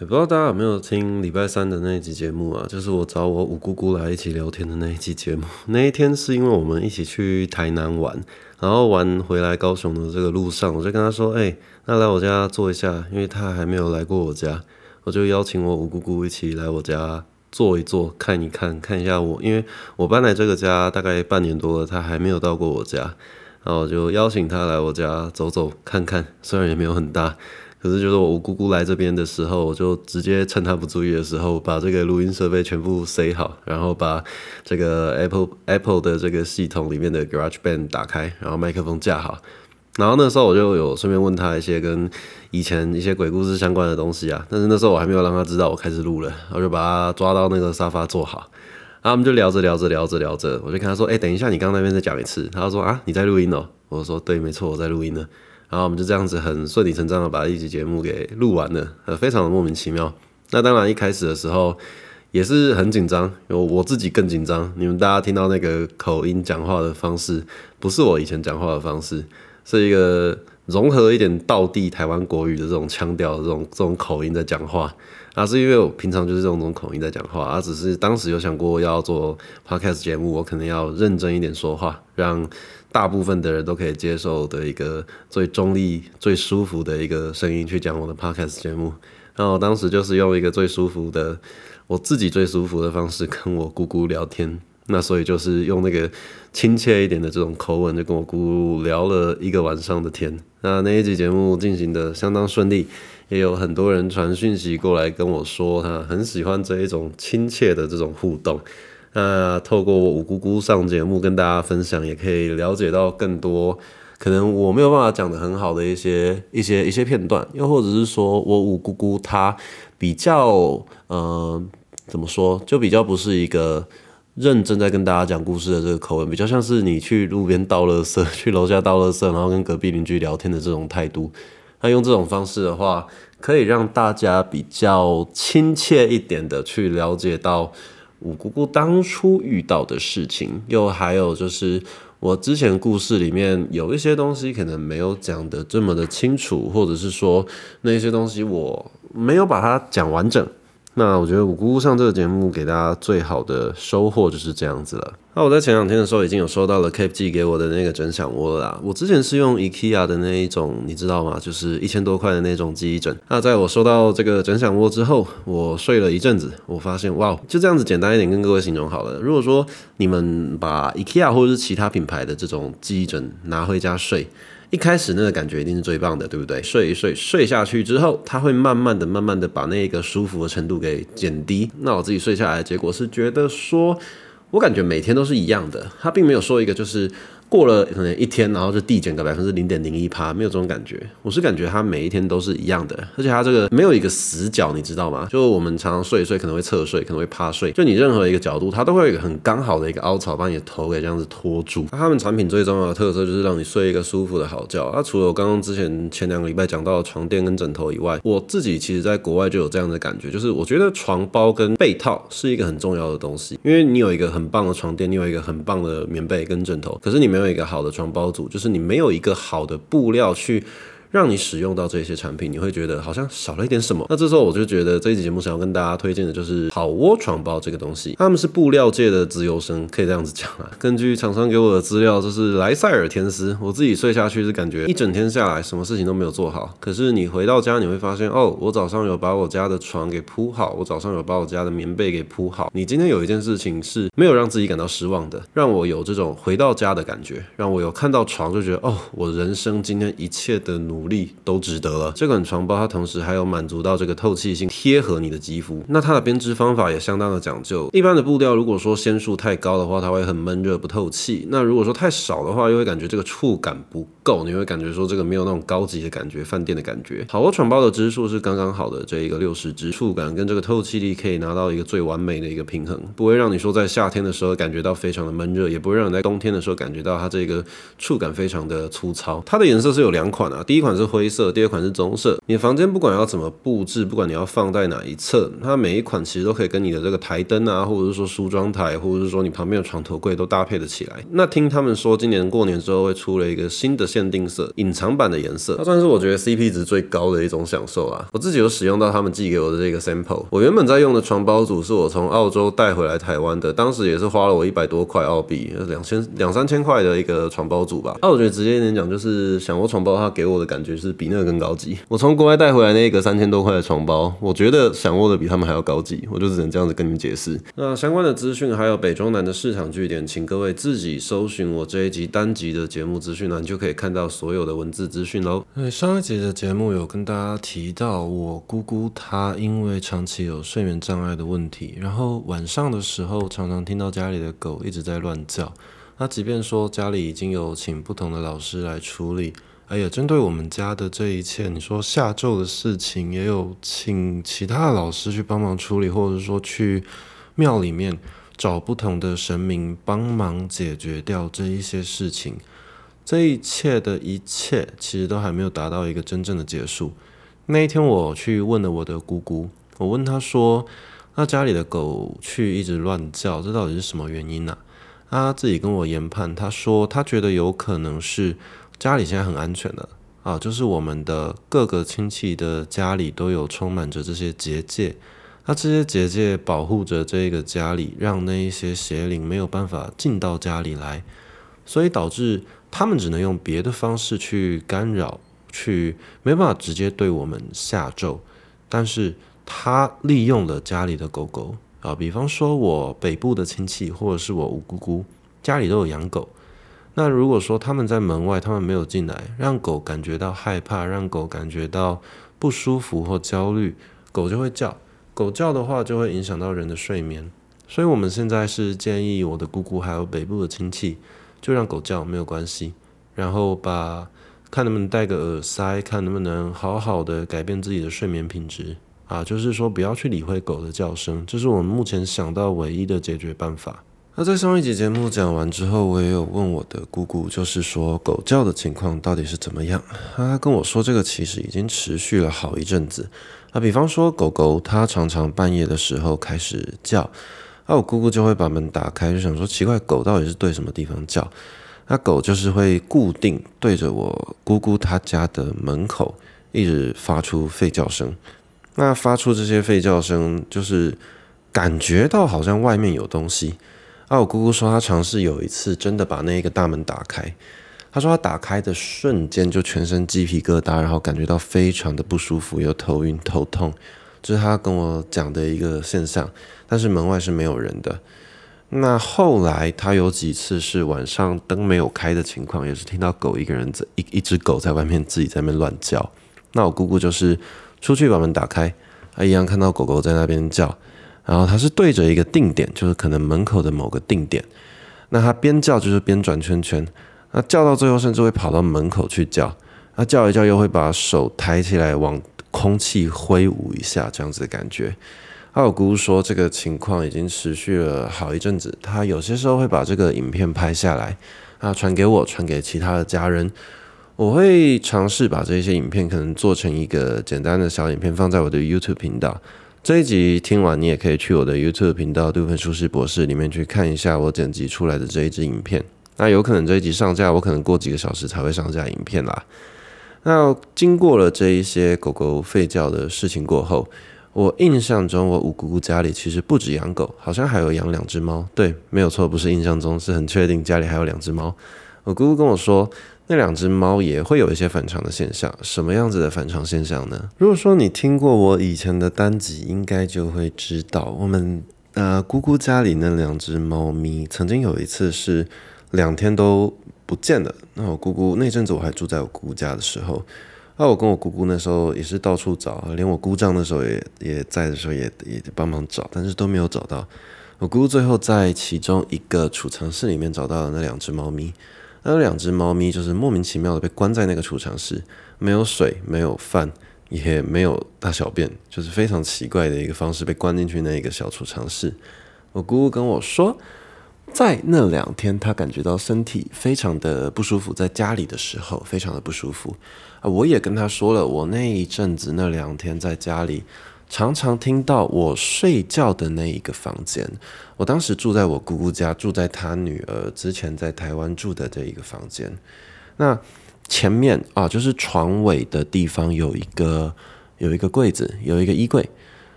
也不知道大家有沒有聽禮拜三的那一集節目啊？就是我找我五姑姑來一起聊天的那一集節目。 那一天是因為我們一起去台南玩，然後玩回來高雄的這個路上，我就跟她說：“哎、欸，那來我家坐一下，因為她還沒有來過我家。”我就邀請我五姑姑一起來我家坐一坐，看一看，看一下我，因為我搬來這個家大概半年多了，她還沒有到過我家，然後我就邀請她來我家走走看看，雖然也沒有很大。可是就是我姑姑來這邊的時候，我就直接趁她不注意的時候，把這個錄音設備全部塞好，然後把這個 Apple Apple 的這個系統裡面的 Garage Band 打開，然後麥克風架好。然後那時候我就有順便問他一些跟以前一些鬼故事相關的東西啊。但是那時候我還沒有讓他知道我開始錄了，我就把他抓到那個沙發坐好，然後我們就聊着聊着聊着聊着，我就跟他說，哎、欸，等一下，你剛剛那邊再講一次。他就說，啊，你在錄音哦？我說，對，沒錯，我在錄音呢。然後我們就這樣子很順理成章的把一集節目給錄完了，呃，非常的莫名其妙。那當然一開始的時候也是很緊張我，我自己更緊張。你們大家聽到那個口音講話的方式，不是我以前講話的方式，是一個融合一點道地台灣國語的這種腔調、這種這種口音在講話。而、啊、是因為我平常就是這種口音在講話，而、啊、只是當時有想過要做 Podcast 節目，我可能要認真一點說話，讓。大部分的人都可以接受的一個最中立、最舒服的一個聲音去講我的 podcast 節目。然後我當時就是用一個最舒服的、我自己最舒服的方式跟我姑姑聊天。那所以就是用那個親切一點的這種口吻，就跟我姑姑聊了一個晚上的天。那那一集節目進行得相當順利，也有很多人傳訊息過來跟我說，他很喜歡這一種親切的這種互動。那透過我五姑姑上節目跟大家分享，也可以了解到更多可能我沒有辦法講得很好的一些一些一些片段，又或者是說我五姑姑她比較呃怎麼說，就比較不是一個認真在跟大家講故事的這個口吻，比較像是你去路邊倒垃圾，去樓下倒垃圾，然後跟隔壁鄰居聊天的這種態度。那用這種方式的話，可以讓大家比較親切一點的去了解到。我姑姑當初遇到的事情，又還有就是我之前故事裡面有一些東西，可能沒有講得這麼的清楚，或者是說那些東西我沒有把它講完整。那我覺得我姑姑上這個節目給大家最好的收穫就是這樣子了、啊。那我在前兩天的時候已經有收到了 K G 給我的那個整響窩了。我之前是用 IKEA 的那一種，你知道嗎？就是一千多塊的那種記憶枕。那在我收到這個整響窩之後，我睡了一陣子，我發現哇，就這樣子簡單一點跟各位形容好了。如果說你們把 IKEA 或者是其他品牌的這種記憶枕拿回家睡，一開始那個感覺一定是最棒的，對不對？睡一睡，睡下去之後，他會慢慢的、慢慢的把那個舒服的程度給減低。那我自己睡下來的結果是覺得說，我感覺每天都是一樣的，他並沒有說一個就是。過了可能一天，然後就遞減個百分之零點零一趴，沒有這種感覺。我是感覺它每一天都是一樣的，而且它這個沒有一個死角，你知道嗎？就我們常常睡一睡，可能會側睡，可能會趴睡，就你任何一個角度，它都會有很剛好的一個凹槽，把你的頭給這樣子托住。那他們產品最重要的特色就是讓你睡一個舒服的好覺。啊。那除了我剛剛之前前兩個禮拜講到的床墊跟枕頭以外，我自己其實在國外就有這樣的感覺，就是我覺得床包跟被套是一個很重要的東西，因為你有一個很棒的床墊，你有一個很棒的棉被跟枕頭，可是你沒。沒有一個好的床包組，就是你沒有一個好的布料去。讓你使用到這些產品，你會覺得好像少了一點什麼。那這時候我就覺得這一期節目想要跟大家推薦的就是好窩床包這個東西。他們是布料界的資優生，可以這樣子講啊。根據廠商給我的資料，就是萊賽爾天絲。我自己睡下去是感覺一整天下來什麼事情都沒有做好。可是你回到家你會發現，哦，我早上有把我家的床給鋪好，我早上有把我家的棉被給鋪好。你今天有一件事情是沒有讓自己感到失望的，讓我有這種回到家的感覺，讓我有看到床就覺得哦，我人生今天一切的努。努力都值得了。這款床包，它同時還有滿足到這個透氣性，貼合你的肌膚。那它的編織方法也相當的講究。一般的布料如果說纖數太高的話，它會很悶熱不透氣；那如果說太少的話，又會感覺這個觸感不夠，你會感覺說這個沒有那種高級的感覺，飯店的感覺。好窩床包的支數是剛剛好的，這一個六十支，觸感跟這個透氣力可以拿到一個最完美的一個平衡，不會讓你說在夏天的時候感覺到非常的悶熱，也不會讓你在冬天的時候感覺到它這個觸感非常的粗糙。它的顏色是有兩款啊，第一款。第一款是灰色，第二款是棕色。你的房間不管要怎麼布置，不管你要放在哪一側，它每一款其實都可以跟你的這個台燈啊，或者是說梳妝台，或者是說你旁邊的床頭櫃都搭配得起來。那聽他們說，今年過年之後會出了一個新的限定色，隱藏版的顏色，那、啊、算是我覺得 CP 值最高的一種享受啊。我自己有使用到他們寄給我的這個 sample。我原本在用的床包組是我從澳洲帶回來台灣的，當時也是花了我一百多塊澳幣，兩千兩三千塊的一個床包組吧。那、啊、我覺得直接一點講，就是想窩床包它給我的感覺。感覺是比那個更高級。我從國外帶回來那個三千多塊的床包，我覺得想窩的比他們還要高級，我就只能這樣子跟你們解釋。那相關的資訊還有北中南的市場據點，請各位自己搜尋我這一集單集的節目資訊欄，你就可以看到所有的文字資訊嘍。上一集的節目有跟大家提到，我姑姑她因為長期有睡眠障礙的問題，然後晚上的時候常常聽到家裡的狗一直在亂叫。那即便說家裡已經有請不同的老師來處理。哎呀，針對我們家的這一切，你說下咒的事情，也有請其他的老師去幫忙處理，或者說去廟裡面找不同的神明幫忙解決掉這一些事情。這一切的一切，其實都還沒有達到一個真正的結束。那一天，我去問了我的姑姑，我問她說，那家裡的狗去一直亂叫，這到底是什麼原因呢，啊？她自己跟我研判，她說她覺得有可能是。家裡現在很安全的啊，就是我們的各個親戚的家裡都有充滿着這些結界，那這些結界保護着這個家裡，讓那一些邪靈沒有辦法進到家裡來，所以導致他們只能用別的方式去干擾，去沒辦法直接對我們下咒，但是他利用了家裡的狗狗啊，比方說我北部的親戚或者是我五姑姑家裡都有養狗。那如果說他們在門外，他們沒有進來，讓狗感覺到害怕，讓狗感覺到不舒服或焦慮，狗就會叫。狗叫的話就會影響到人的睡眠，所以我們現在是建議我的姑姑還有北部的親戚，就讓狗叫沒有關係，然後把看能不能戴個耳塞，看能不能好好的改變自己的睡眠品質啊，就是說不要去理會狗的叫聲，這、就是我們目前想到唯一的解決辦法。那在上一集節目講完之後，我也有問我的姑姑，就是說狗叫的情況到底是怎麼樣？她跟我說，這個其實已經持續了好一陣子。啊，比方說狗狗它常常半夜的時候開始叫，那我姑姑就會把門打開，就想說奇怪，狗到底是對什麼地方叫？那狗就是會固定對着我姑姑她家的門口一直發出吠叫聲。那發出這些吠叫聲，就是感覺到好像外面有東西。啊！我姑姑說，她嘗試有一次真的把那個大門打開，她說她打開的瞬間就全身雞皮疙瘩，然後感覺到非常的不舒服，又頭暈頭痛，這、就是她跟我講的一個現象。但是門外是沒有人的。那後來她有幾次是晚上燈沒有開的情況，也是聽到狗一個人在一一隻狗在外面自己在那邊亂叫。那我姑姑就是出去把門打開，啊，一樣看到狗狗在那邊叫。然後它是對着一個定點，就是可能門口的某個定點。那它邊叫就是邊轉圈圈，那叫到最後甚至會跑到門口去叫。那叫一叫又會把手抬起來往空氣揮舞一下，這樣子的感覺。二姑說這個情況已經持續了好一陣子。她有些時候會把這個影片拍下來，啊，傳給我，傳給其他的家人。我會嘗試把這些影片可能做成一個簡單的小影片，放在我的 YouTube 頻道。這一集聽完，你也可以去我的 YouTube 頻道“杜芬舒適博士”裡面去看一下我剪輯出來的這一支影片。那有可能這一集上架，我可能過幾個小時才會上架影片啦。那經過了這一些狗狗吠叫的事情過後，我印象中我五姑姑家裡其實不止養狗，好像還有養兩隻貓。對，沒有錯，不是印象中，是很確定家裡還有兩隻貓。我姑姑跟我說。那兩隻貓也會有一些反常的現象，什麼樣子的反常現象呢？如果說你聽過我以前的單集，應該就會知道，我們呃姑姑家裡那兩隻貓咪，曾經有一次是兩天都不見了。那我姑姑那陣子我還住在我姑姑家的時候，那，我跟我姑姑那時候也是到處找，連我姑丈那時候也也在的時候也也幫忙找，但是都沒有找到。我姑姑最後在其中一個儲藏室裡面找到了那兩隻貓咪。還有兩隻貓咪就是莫名其妙的被關在那個儲藏室，沒有水，沒有飯，也沒有大小便，就是非常奇怪的一個方式被關進去那一個小儲藏室。我姑姑跟我說，在那兩天，她感覺到身體非常的不舒服，在家裡的時候非常的不舒服。啊，我也跟她說了，我那一陣子那兩天在家裡。常常聽到我睡覺的那一個房間，我當時住在我姑姑家，住在她女兒之前在台灣住的這一個房間。那前面啊，就是床尾的地方有一個有一個櫃子，有一個衣櫃。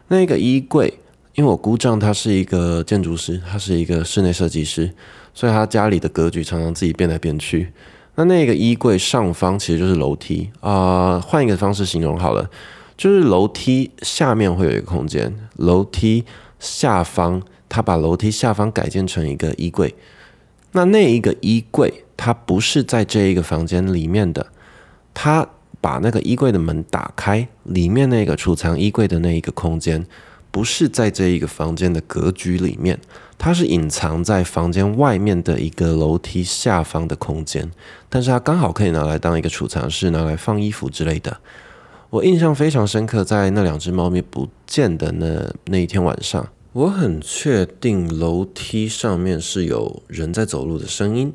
那個衣櫃，因為我姑丈他是一個建築師，他是一個室內設計師，所以他家裡的格局常常自己變來變去。那那個衣櫃上方其實就是樓梯啊，呃，換一個方式形容好了。就是樓梯下面會有一個空間，樓梯下方，他把樓梯下方改建成一個衣櫃。那那一個衣櫃，它不是在這一個房間裡面的，他把那個衣櫃的門打開，裡面那個儲藏衣櫃的那一個空間，不是在這一個房間的格局裡面，它是隱藏在房間外面的一個樓梯下方的空間，但是它剛好可以拿來當一個儲藏室，拿來放衣服之類的。我印象非常深刻，在那兩隻貓咪不見的那那一天晚上，我很確定樓梯上面是有人在走路的聲音。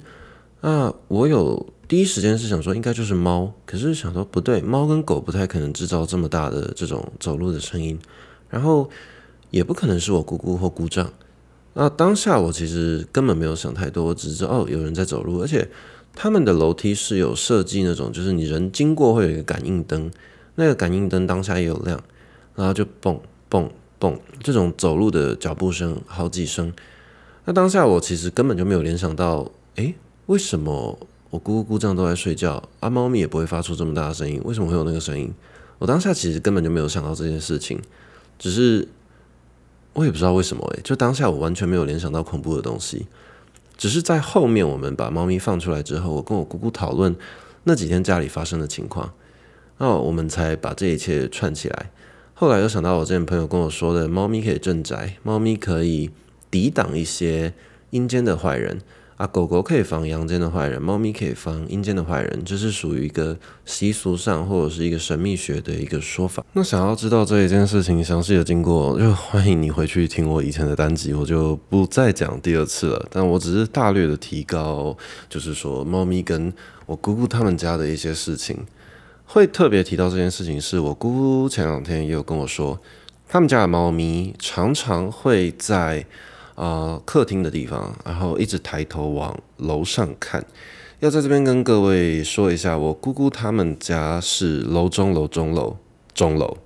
啊，我有第一時間是想說，應該就是貓，可是想說不對，貓跟狗不太可能製造這麼大的這種走路的聲音，然後也不可能是我姑姑或姑丈。那當下我其實根本沒有想太多，只知道哦有人在走路，而且他們的樓梯是有設計那種，就是你人經過會有一個感應燈。那個感應燈當下也有亮，然後就蹦蹦蹦，這種走路的腳步聲好幾聲。那當下我其實根本就沒有聯想到，誒，為什麼我姑姑姑姑這樣都在睡覺，啊，貓咪也不會發出這麼大的聲音，為什麼會有那個聲音？我當下其實根本就沒有想到這件事情，只是我也不知道為什麼，欸，誒，就當下我完全沒有聯想到恐怖的東西，只是在後面我們把貓咪放出來之後，我跟我姑姑討論那幾天家裡發生的情況。那、哦，我們才把這一切串起來。後來又想到我之前朋友跟我說的，貓咪可以鎮宅，貓咪可以抵擋一些陰間的壞人啊。狗狗可以防陽間的壞人，貓咪可以防陰間的壞人，這是屬於一個習俗上或者是一個神秘學的一個說法。那想要知道這一件事情詳細的經過，就歡迎你回去聽我以前的單集，我就不再講第二次了。但我只是大略的提高，就是說貓咪跟我姑姑他們家的一些事情。會特別提到這件事情，是我姑姑前兩天也有跟我說，他們家的貓咪常常會在呃客廳的地方，然後一直抬頭往樓上看。要在這邊跟各位說一下，我姑姑他們家是樓中樓中樓中樓，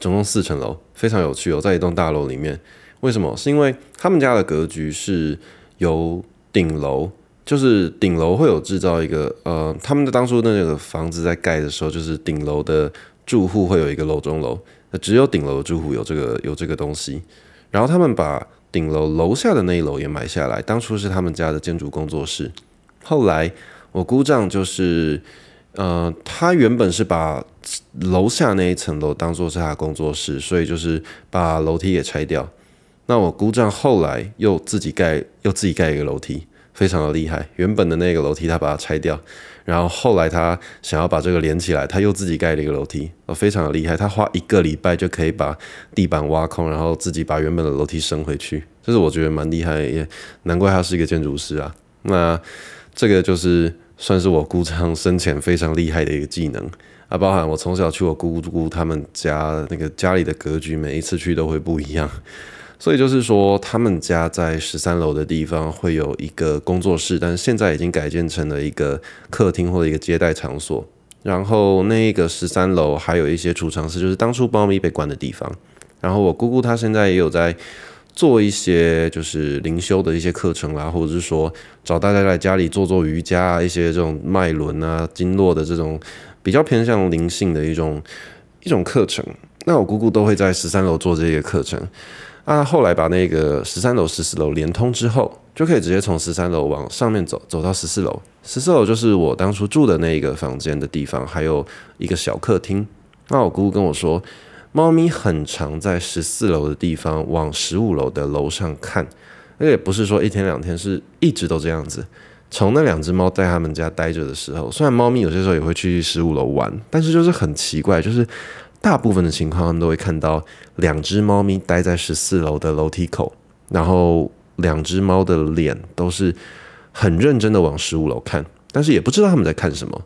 總共四層樓，非常有趣哦，在一棟大樓裡面，為什麼？是因為他們家的格局是由頂樓。就是頂樓會有製造一個呃，他們的當初那個房子，在蓋的時候，就是頂樓的住戶會有一個樓中樓，只有頂樓住戶有這個有這個東西。然後他們把頂樓樓下的那一樓也買下來，當初是他們家的建築工作室。後來我姑丈就是呃，他原本是把樓下那一層樓當做是他工作室，所以就是把樓梯給拆掉。那我姑丈後來又自己蓋又自己蓋一個樓梯。非常的厲害，原本的那個樓梯他把它拆掉，然後後來他想要把這個連起來，他又自己蓋了一個樓梯，哦，非常的厲害，他花一個禮拜就可以把地板挖空，然後自己把原本的樓梯升回去，這是我覺得蠻厲害的，也難怪他是一個建築師啊。那這個就是算是我姑丈生前非常厲害的一個技能啊，包含我從小去我姑姑他們家那個家裡的格局，每一次去都會不一樣。所以就是說，他們家在十三樓的地方會有一個工作室，但是現在已經改建成了一個客廳或者一個接待場所。然後那個十三樓還有一些儲藏室，就是當初貓咪被關的地方。然後我姑姑她現在也有在做一些就是靈修的一些課程啦，或者是說找大家在家裡做做瑜伽啊，一些這種脈輪啊、經絡的這種比較偏向靈性的一種一種課程。那我姑姑都會在十三樓做這些課程。那、啊、後來把那個十三樓、十四樓連通之後，就可以直接從十三樓往上面走，走到十四樓。十四樓就是我當初住的那個房間的地方，還有一個小客廳。那我姑姑跟我說，貓咪很常在十四樓的地方往十五樓的樓上看。那個也不是說一天兩天，是一直都這樣子。從那兩只貓在他們家待着的時候，雖然貓咪有些時候也會去十五樓玩，但是就是很奇怪，就是。大部分的情況，他們都會看到兩隻貓咪待在十四樓的樓梯口，然後兩隻貓的臉都是很認真的往十五樓看，但是也不知道他們在看什麼。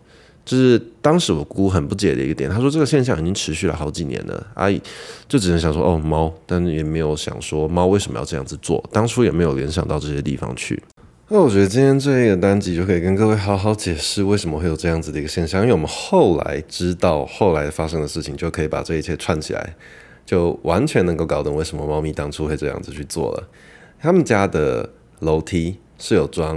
就是當時我姑很不解的一個點，她說這個現象已經持續了好幾年了，阿姨就只能想說哦貓，但也沒有想說貓為什麼要這樣子做，當初也沒有聯想到這些地方去。那我覺得今天這一個單集就可以跟各位好好解釋為什麼會有這樣子的一個現象，因為我們後來知道後來發生的事情，就可以把這一切串起來，就完全能夠搞懂為什麼貓咪當初會這樣子去做了。他們家的樓梯是有裝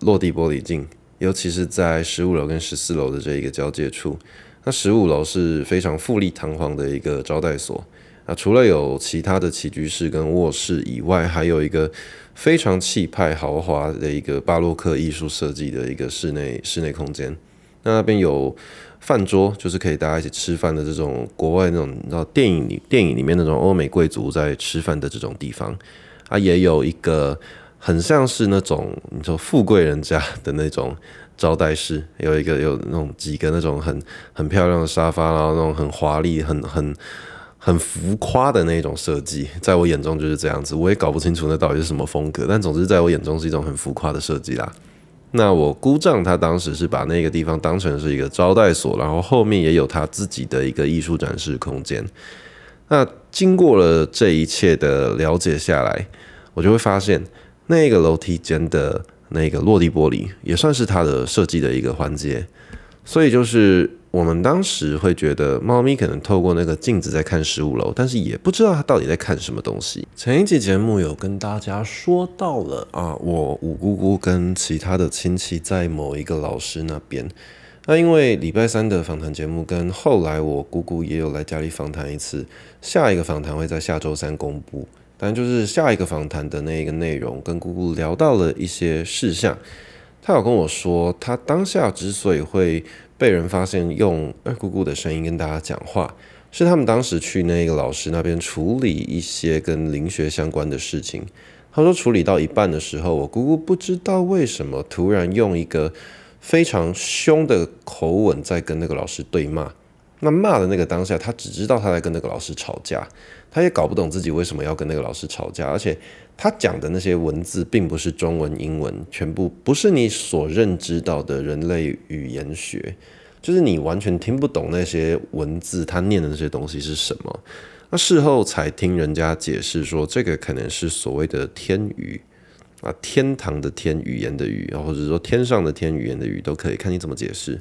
落地玻璃鏡，尤其是在十五樓跟十四樓的這一個交界處。那十五樓是非常富麗堂皇的一個招待所，啊，除了有其他的起居室跟臥室以外，還有一個。非常氣派豪華的一個巴洛克藝術設計的一個室內室內空間。那那邊有飯桌，就是可以大家一起吃飯的這種國外那種，然後電影裡電影裡面那種歐美貴族在吃飯的這種地方啊，也有一個很像是那種你說富貴人家的那種招待室，有一個有那種幾個那種很很漂亮的沙發，然後那種很華麗，很很。很浮誇的那種設計，在我眼中就是這樣子，我也搞不清楚那到底是什麼風格，但總之在我眼中是一種很浮誇的設計啦。那我姑丈他當時是把那個地方當成是一個招待所，然後後面也有他自己的一個藝術展示空間。那經過了這一切的了解下來，我就會發現那個樓梯間的那個落地玻璃也算是他的設計的一個環節，所以就是。我們當時會覺得，貓咪可能透過那個鏡子在看十五樓，但是也不知道它到底在看什麼東西。前一集節目有跟大家說到了啊，我五姑姑跟其他的親戚在某一個老師那邊。那因為禮拜三的訪談節目跟後來我姑姑也有來家裡訪談一次，下一個訪談會在下週三公布。但就是下一個訪談的那個內容，跟姑姑聊到了一些事項，她有跟我說，她當下之所以會。被人發現用二姑姑的聲音跟大家講話，是他們當時去那個老師那邊處理一些跟靈學相關的事情。他說，處理到一半的時候，我姑姑不知道為什麼突然用一個非常凶的口吻在跟那個老師對罵。那罵的那個當下，他只知道他在跟那個老師吵架，他也搞不懂自己為什麼要跟那個老師吵架。而且他講的那些文字並不是中文、英文，全部不是你所認知到的人類語言學。就是你完全聽不懂那些文字，他念的那些東西是什麼？那事後才聽人家解釋說，這個可能是所謂的天語啊，天堂的天語言的語，或者說天上的天語言的語都可以，看你怎麼解釋。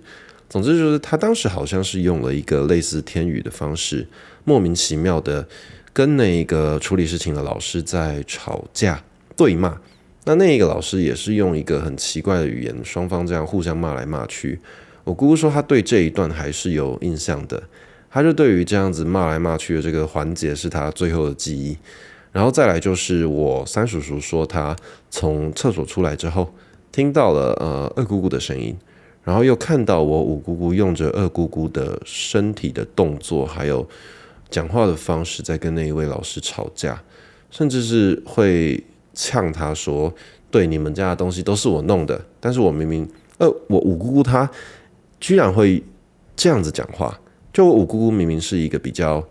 總之就是他當時好像是用了一個類似天語的方式，莫名其妙的跟那個處理事情的老師在吵架對罵。那那個老師也是用一個很奇怪的語言，雙方這樣互相罵來罵去。我姑姑說，她對這一段還是有印象的，她就對於這樣子罵來罵去的這個環節，是她最後的記憶。然後再來就是我三叔叔說，他從廁所出來之後，聽到了呃二姑姑的聲音，然後又看到我五姑姑用着二姑姑的身體的動作，還有講話的方式，在跟那一位老師吵架，甚至是會嗆他說：“對你們家的東西都是我弄的，但是我明明……呃，我五姑姑她。”居然會這樣子講話，就我五姑姑明明是一個比較，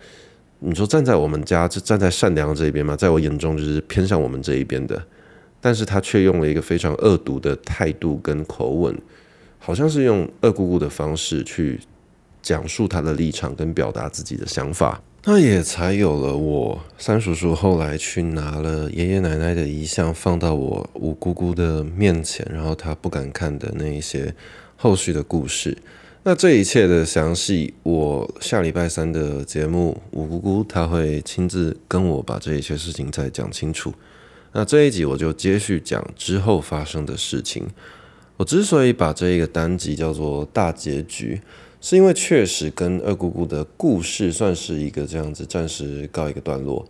你說站在我們家就站在善良這一邊嘛，在我眼中就是偏向我們這一邊的，但是他卻用了一個非常惡毒的態度跟口吻，好像是用二姑姑的方式去講述他的立場跟表達自己的想法，那也才有了我三叔叔後來去拿了爺爺奶奶的遺像放到我五姑姑的面前，然後他不敢看的那一些。後續的故事，那這一切的詳細，我下禮拜三的節目，五姑姑她會親自跟我把這一些事情再講清楚。那這一集我就接續講之後發生的事情。我之所以把這一個單集叫做大結局，是因為確實跟二姑姑的故事算是一個這樣子暫時告一個段落。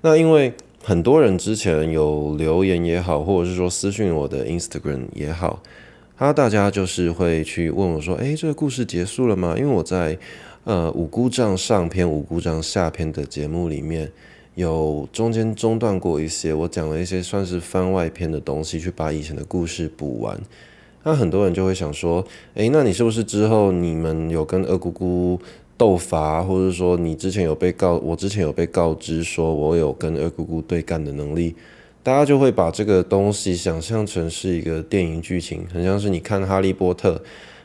那因為很多人之前有留言也好，或者是說私訊我的 Instagram 也好。他大家就是會去問我說：“哎、欸，這個故事結束了嗎？”因為我在呃五姑丈上篇、五姑丈下篇的節目裡面，有中間中斷過一些，我講了一些算是番外篇的東西，去把以前的故事補完。那、啊、很多人就會想說：“哎、欸，那你是不是之後你們有跟二姑姑鬥法，或者說你之前有被告，我之前有被告知說我有跟二姑姑對幹的能力？”大家就會把這個東西想象成是一個電影劇情，很像是你看《哈利波特》，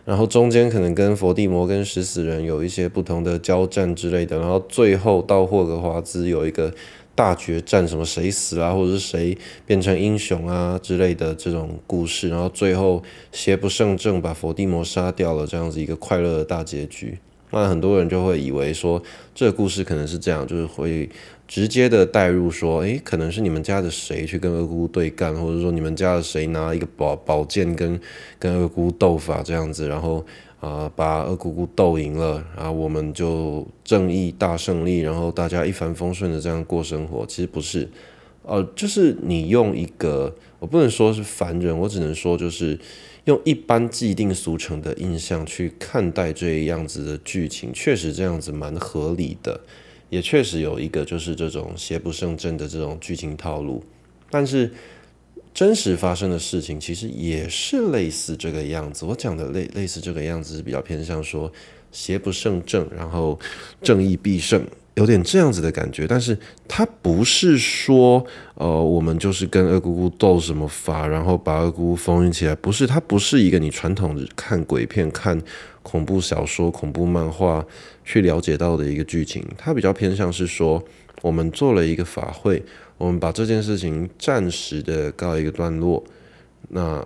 然後中間可能跟伏地魔跟食死人有一些不同的交戰之類的，然後最後到霍格華茲有一個大決戰，什麼誰死啊，或者是誰變成英雄啊之類的這種故事，然後最後邪不勝正，把伏地魔殺掉了，這樣子一個快樂的大結局。那很多人就會以為說這個故事可能是這樣，就是會直接的帶入說，誒、欸，可能是你們家的誰去跟二姑姑對幹，或者說你們家的誰拿一個寶寶劍跟跟二姑姑鬥法、啊、這樣子，然後啊、呃、把二姑姑鬥贏了，然後我們就正義大勝利，然後大家一帆風順的這樣過生活。其實不是，呃，就是你用一個，我不能說是凡人，我只能說就是。用一般既定俗成的印象去看待這樣子的劇情，確實這樣子蠻合理的，也確實有一個就是這種邪不勝正的這種劇情套路。但是真實發生的事情其實也是類似這個樣子。我講的類類似這個樣子是比較偏向說邪不勝正，然後正義必勝。嗯有點這樣子的感覺，但是它不是說，呃，我們就是跟二姑姑鬥什麼法，然後把二姑姑封印起來，不是，它不是一個你傳統看鬼片、看恐怖小說、恐怖漫畫去了解到的一個劇情，它比較偏向是說，我們做了一個法會，我們把這件事情暫時的告一個段落，那，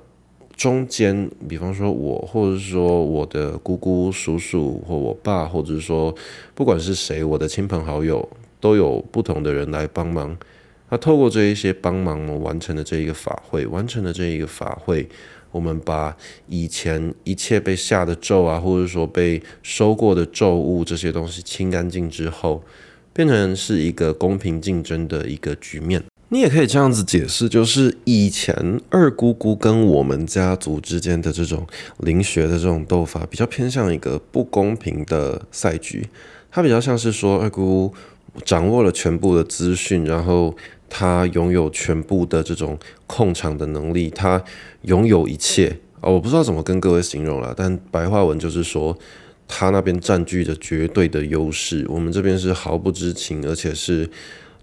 中間，比方說我，或者是說我的姑姑、叔叔，或我爸，或者是說不管是誰，我的親朋好友，都有不同的人來幫忙。那透過這一些幫忙，我們完成了這一個法會，完成了這一個法會，我們把以前一切被下的咒啊，或者說被收過的咒物這些東西清乾淨之後，變成是一個公平競爭的一個局面。你也可以這樣子解釋，就是以前二姑姑跟我們家族之間的這種靈學的這種鬥法，比較偏向一個不公平的賽局。他比較像是說，二姑掌握了全部的資訊，然後他擁有全部的這種控場的能力，他擁有一切啊！我不知道怎麼跟各位形容了，但白話文就是說，他那邊佔據着絕對的優勢，我們這邊是毫不知情，而且是。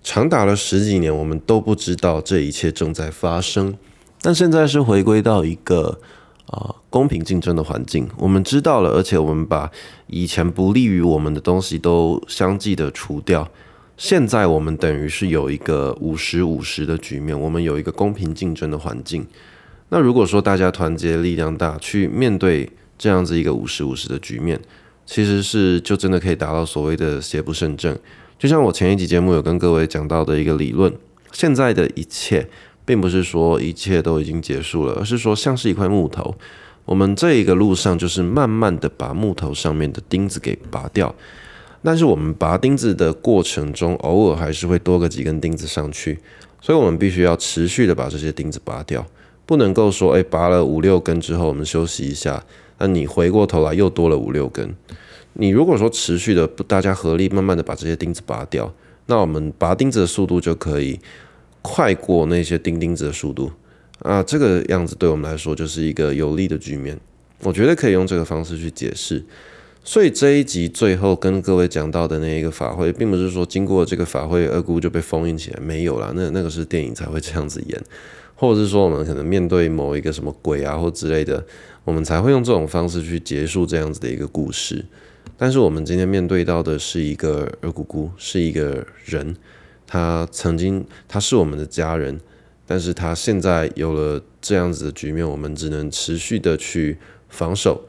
長達了十幾年，我們都不知道這一切正在發生。但現在是回歸到一個啊、呃、公平競爭的環境，我們知道了，而且我們把以前不利於我們的東西都相繼的除掉。現在我們等於是有一個五十五十的局面，我們有一個公平競爭的環境。那如果說大家團結力量大，去面對這樣子一個五十五十的局面，其實是就真的可以達到所謂的邪不勝正。就像我前一集節目有跟各位講到的一個理論，現在的一切並不是說一切都已經結束了，而是說像是一塊木頭，我們這一個路上就是慢慢的把木頭上面的釘子給拔掉，但是我們拔釘子的過程中，偶爾還是會多個幾根釘子上去，所以我們必須要持續的把這些釘子拔掉，不能夠說誒、欸、拔了五六根之後我們休息一下，那你回過頭來又多了五六根。你如果說持續的，不大家合力，慢慢的把這些釘子拔掉，那我們拔釘子的速度就可以快過那些釘釘子的速度。啊，這個樣子對我們來說就是一個有利的局面，我覺得可以用這個方式去解釋。所以這一集最後跟各位講到的那一個法會，並不是說經過這個法會，二姑就被封印起來，沒有啦。那那個是電影才會這樣子演，或者是說我們可能面對某一個什麼鬼啊或之類的，我們才會用這種方式去結束這樣子的一個故事。但是我們今天面對到的是一個二姑姑，是一個人，他曾經他是我們的家人，但是他現在有了這樣子的局面，我們只能持續的去防守。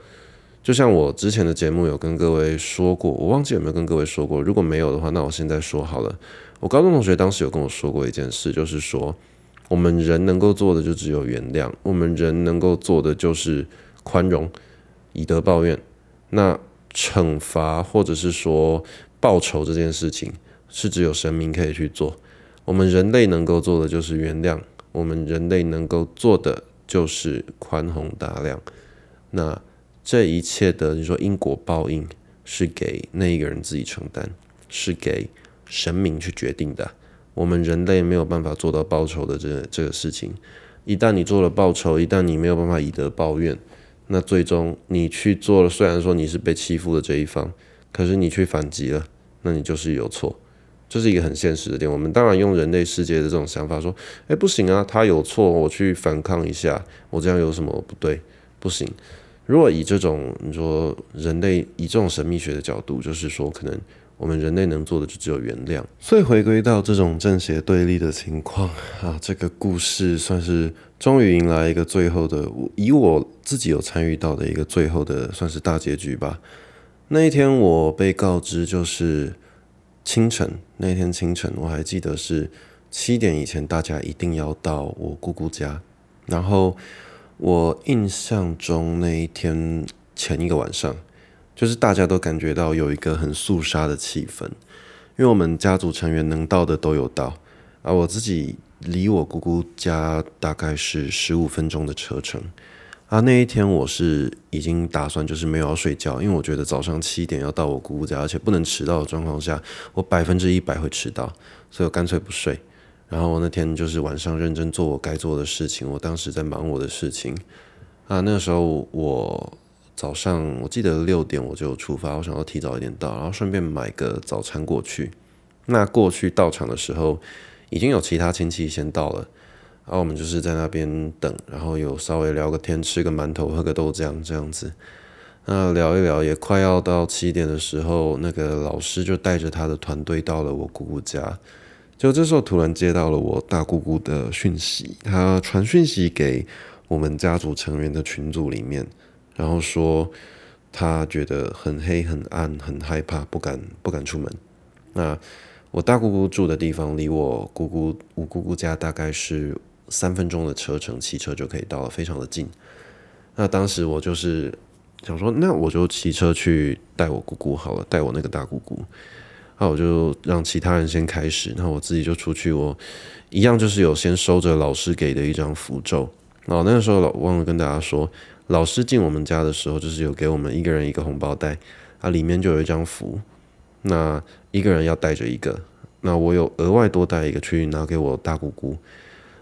就像我之前的節目有跟各位說過，我忘記有沒有跟各位說過，如果沒有的話，那我現在說好了。我高中同學當時有跟我說過一件事，就是說我們人能夠做的就只有原諒，我們人能夠做的就是寬容，以德報怨。那懲罰或者是說報仇這件事情，是只有神明可以去做。我們人類能夠做的就是原諒，我們人類能夠做的就是寬宏大量。那這一切的，你說因果報應，是給那一個人自己承擔，是給神明去決定的。我們人類沒有辦法做到報仇的這這個事情。一旦你做了報仇，一旦你沒有辦法以德報怨。那最終你去做了，雖然說你是被欺負的這一方，可是你去反擊了，那你就是有錯，這是一個很現實的點。我們當然用人類世界的這種想法說，哎，不行啊，他有錯，我去反抗一下，我這樣有什麼不對？不行。如果以這種你說人類以這種神秘學的角度，就是說可能我們人類能做的就只有原諒。所以回歸到這種正邪對立的情況啊，這個故事算是。終於迎來一個最後的，以我自己有參與到的一個最後的，算是大結局吧。那一天我被告知就是清晨，那一天清晨我還記得是七點以前，大家一定要到我姑姑家。然後我印象中那一天前一個晚上，就是大家都感覺到有一個很肅殺的氣氛，因為我們家族成員能到的都有到，而我自己。離我姑姑家大概是十五分鐘的車程，啊，那一天我是已經打算就是沒有要睡覺，因為我覺得早上七點要到我姑姑家，而且不能遲到的狀況下，我百分之一百會遲到，所以我乾脆不睡。然後我那天就是晚上認真做我該做的事情，我當時在忙我的事情，啊，那個時候我早上我記得六點我就出發，我想要提早一點到，然後順便買個早餐過去。那過去到場的時候。已經有其他親戚先到了，然後我們就是在那邊等，然後有稍微聊個天，吃個饅頭，喝個豆漿這樣子。那聊一聊，也快要到七點的時候，那個老師就帶着他的團隊到了我姑姑家。就這時候突然接到了我大姑姑的訊息，她傳訊息給我們家族成員的群組裡面，然後說她覺得很黑、很暗、很害怕，不敢不敢出門。那我大姑姑住的地方離我姑姑我姑姑家大概是三分鐘的車程，汽車就可以到了，非常的近。那當時我就是想說，那我就騎車去帶我姑姑好了，帶我那個大姑姑。那我就讓其他人先開始，那我自己就出去。我一樣就是有先收着老師給的一張符咒。哦，那時候我忘了跟大家說，老師進我們家的時候，就是有給我們一個人一個紅包袋，啊，裡面就有一張符。那一個人要帶着一個，那我有額外多帶一個去拿給我大姑姑，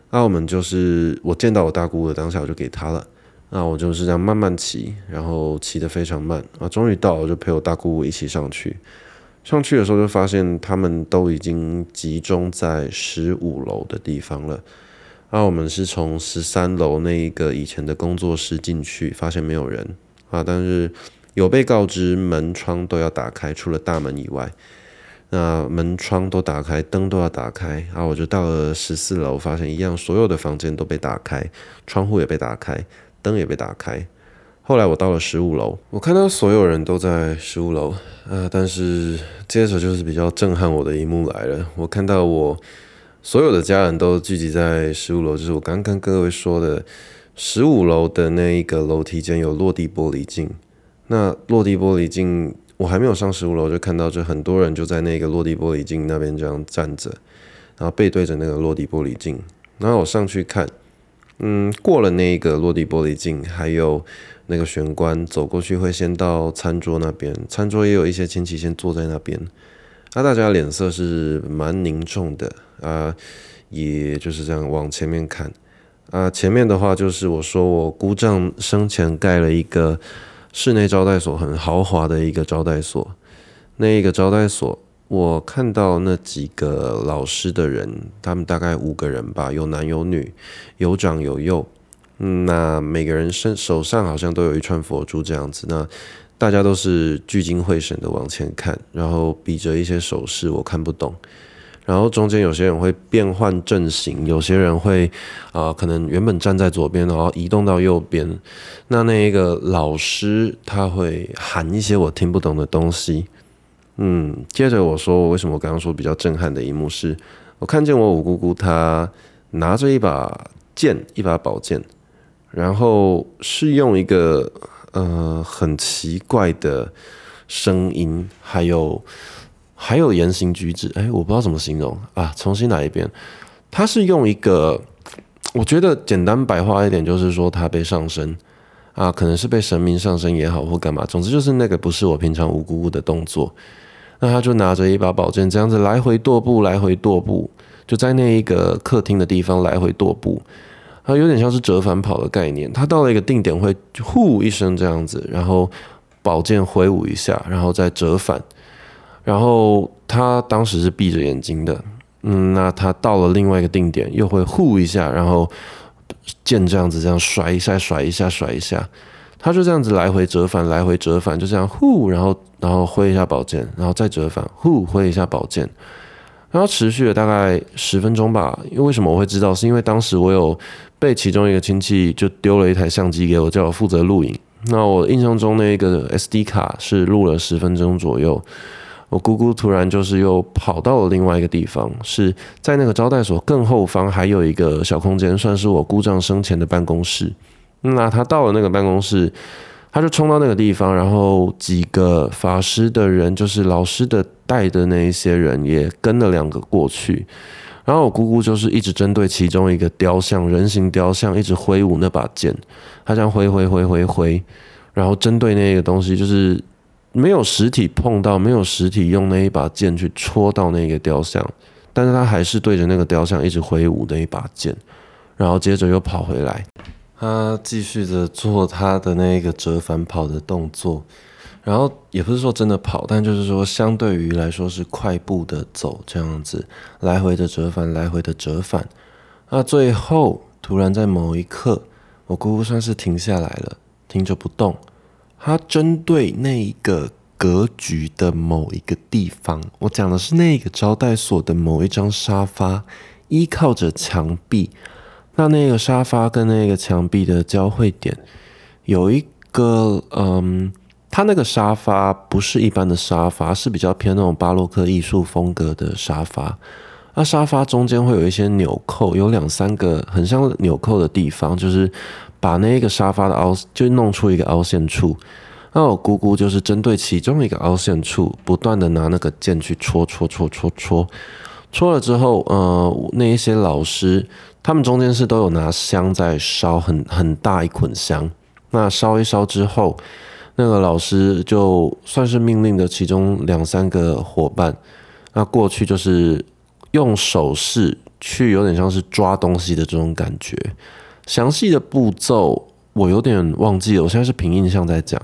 那、啊、我們就是我見到我大姑姑的當下我就給她了，那我就是這樣慢慢騎，然後騎得非常慢啊，終於到了，就陪我大姑姑一起上去，上去的時候就發現他們都已經集中在十五樓的地方了，那、啊、我們是從十三樓那一個以前的工作室進去，發現沒有人啊，但是。有被告知門窗都要打開，除了大門以外，那門窗都打開，燈都要打開。啊，我就到了十四樓，發現一樣，所有的房間都被打開，窗戶也被打開，燈也被打開。後來我到了十五樓，我看到所有人都在十五樓啊。但是接着就是比較震撼我的一幕來了，我看到我所有的家人都聚集在十五樓，就是我剛剛跟各位說的十五樓的那一個樓梯間有落地玻璃鏡。那落地玻璃鏡，我還沒有上十五樓，就看到就很多人就在那個落地玻璃鏡那邊這樣站着，然後背對着那個落地玻璃鏡。然後我上去看，嗯，過了那個落地玻璃鏡，還有那個玄關，走過去會先到餐桌那邊，餐桌也有一些親戚先坐在那邊。那，啊，大家的臉色是蠻凝重的啊，也就是這樣往前面看啊，前面的話就是我說我姑丈生前蓋了一個。室內招待所很豪華的一個招待所，那一個招待所，我看到那幾個老師的人，他們大概五個人吧，有男有女，有長有幼。那每個人身手上好像都有一串佛珠這樣子。那大家都是聚精會神的往前看，然後比着一些手勢，我看不懂。然後中間有些人會變換陣型，有些人會啊、呃，可能原本站在左邊，然後移動到右邊。那那個老師他會喊一些我聽不懂的東西，嗯，接着我說我為什麼我剛剛說比較震撼的一幕是，我看見我五姑姑她拿着一把劍，一把寶劍，然後是用一個呃很奇怪的聲音，還有。還有言行舉止，哎，我不知道怎麼形容啊。重新來一遍，他是用一個，我覺得簡單白話一點，就是說他被上身啊，可能是被神明上身也好，或幹嘛，總之就是那個不是我平常無辜的動作。那他就拿着一把寶劍，這樣子來回踱步，來回踱步，就在那一個客廳的地方來回踱步，他有點像是折返跑的概念。他到了一個定點會呼一聲這樣子，然後寶劍揮舞一下，然後再折返。然後他當時是閉着眼睛的，嗯，那他到了另外一個定點，又會呼一下，然後劍這樣子這樣甩一下，甩一下，甩一下，他就這樣子來回折返，來回折返，就這樣呼，然後然後揮一下寶劍，然後再折返，呼，揮一下寶劍，然後持續了大概十分鐘吧。因為為什麼我會知道？是因為當時我有被其中一個親戚就丟了一台相機給我，叫我負責錄影。那我印象中那個 SD 卡是錄了十分鐘左右。我姑姑突然就是又跑到了另外一個地方，是在那個招待所更後方，還有一個小空間，算是我姑丈生前的辦公室。那他到了那個辦公室，他就衝到那個地方，然後幾個法師的人，就是老師的帶的那一些人，也跟了兩個過去。然後我姑姑就是一直針對其中一個雕像、人形雕像，一直揮舞那把劍，他這樣揮揮揮揮揮，然後針對那個東西，就是。沒有實體碰到，沒有實體用那一把劍去戳到那個雕像，但是他還是對着那個雕像一直揮舞那一把劍，然後接着又跑回來，他繼續的做他的那個折返跑的動作，然後也不是說真的跑，但就是說相對於來說是快步的走這樣子，來回的折返，來回的折返，那最後突然在某一刻，我姑姑算是停下來了，停着不動。它針對那一個格局的某一個地方，我講的是那個招待所的某一張沙發，依靠着牆壁。那那個沙發跟那個牆壁的交匯點，有一個嗯，它那個沙發不是一般的沙發，是比較偏那種巴洛克藝術風格的沙發。那沙發中間會有一些紐扣，有兩三個很像紐扣的地方，就是。把那一個沙發的凹，就弄出一個凹陷處。那我姑姑就是針對其中一個凹陷處，不斷的拿那個劍去戳戳戳戳，戳戳戳戳戳。戳了之後，呃，那一些老師，他們中間是都有拿香在燒，很很大一捆香。那燒一燒之後，那個老師就算是命令的其中兩三個夥伴，那過去就是用手勢去有點像是抓東西的這種感覺。詳細的步驟我有點忘記了，我現在是憑印象在講。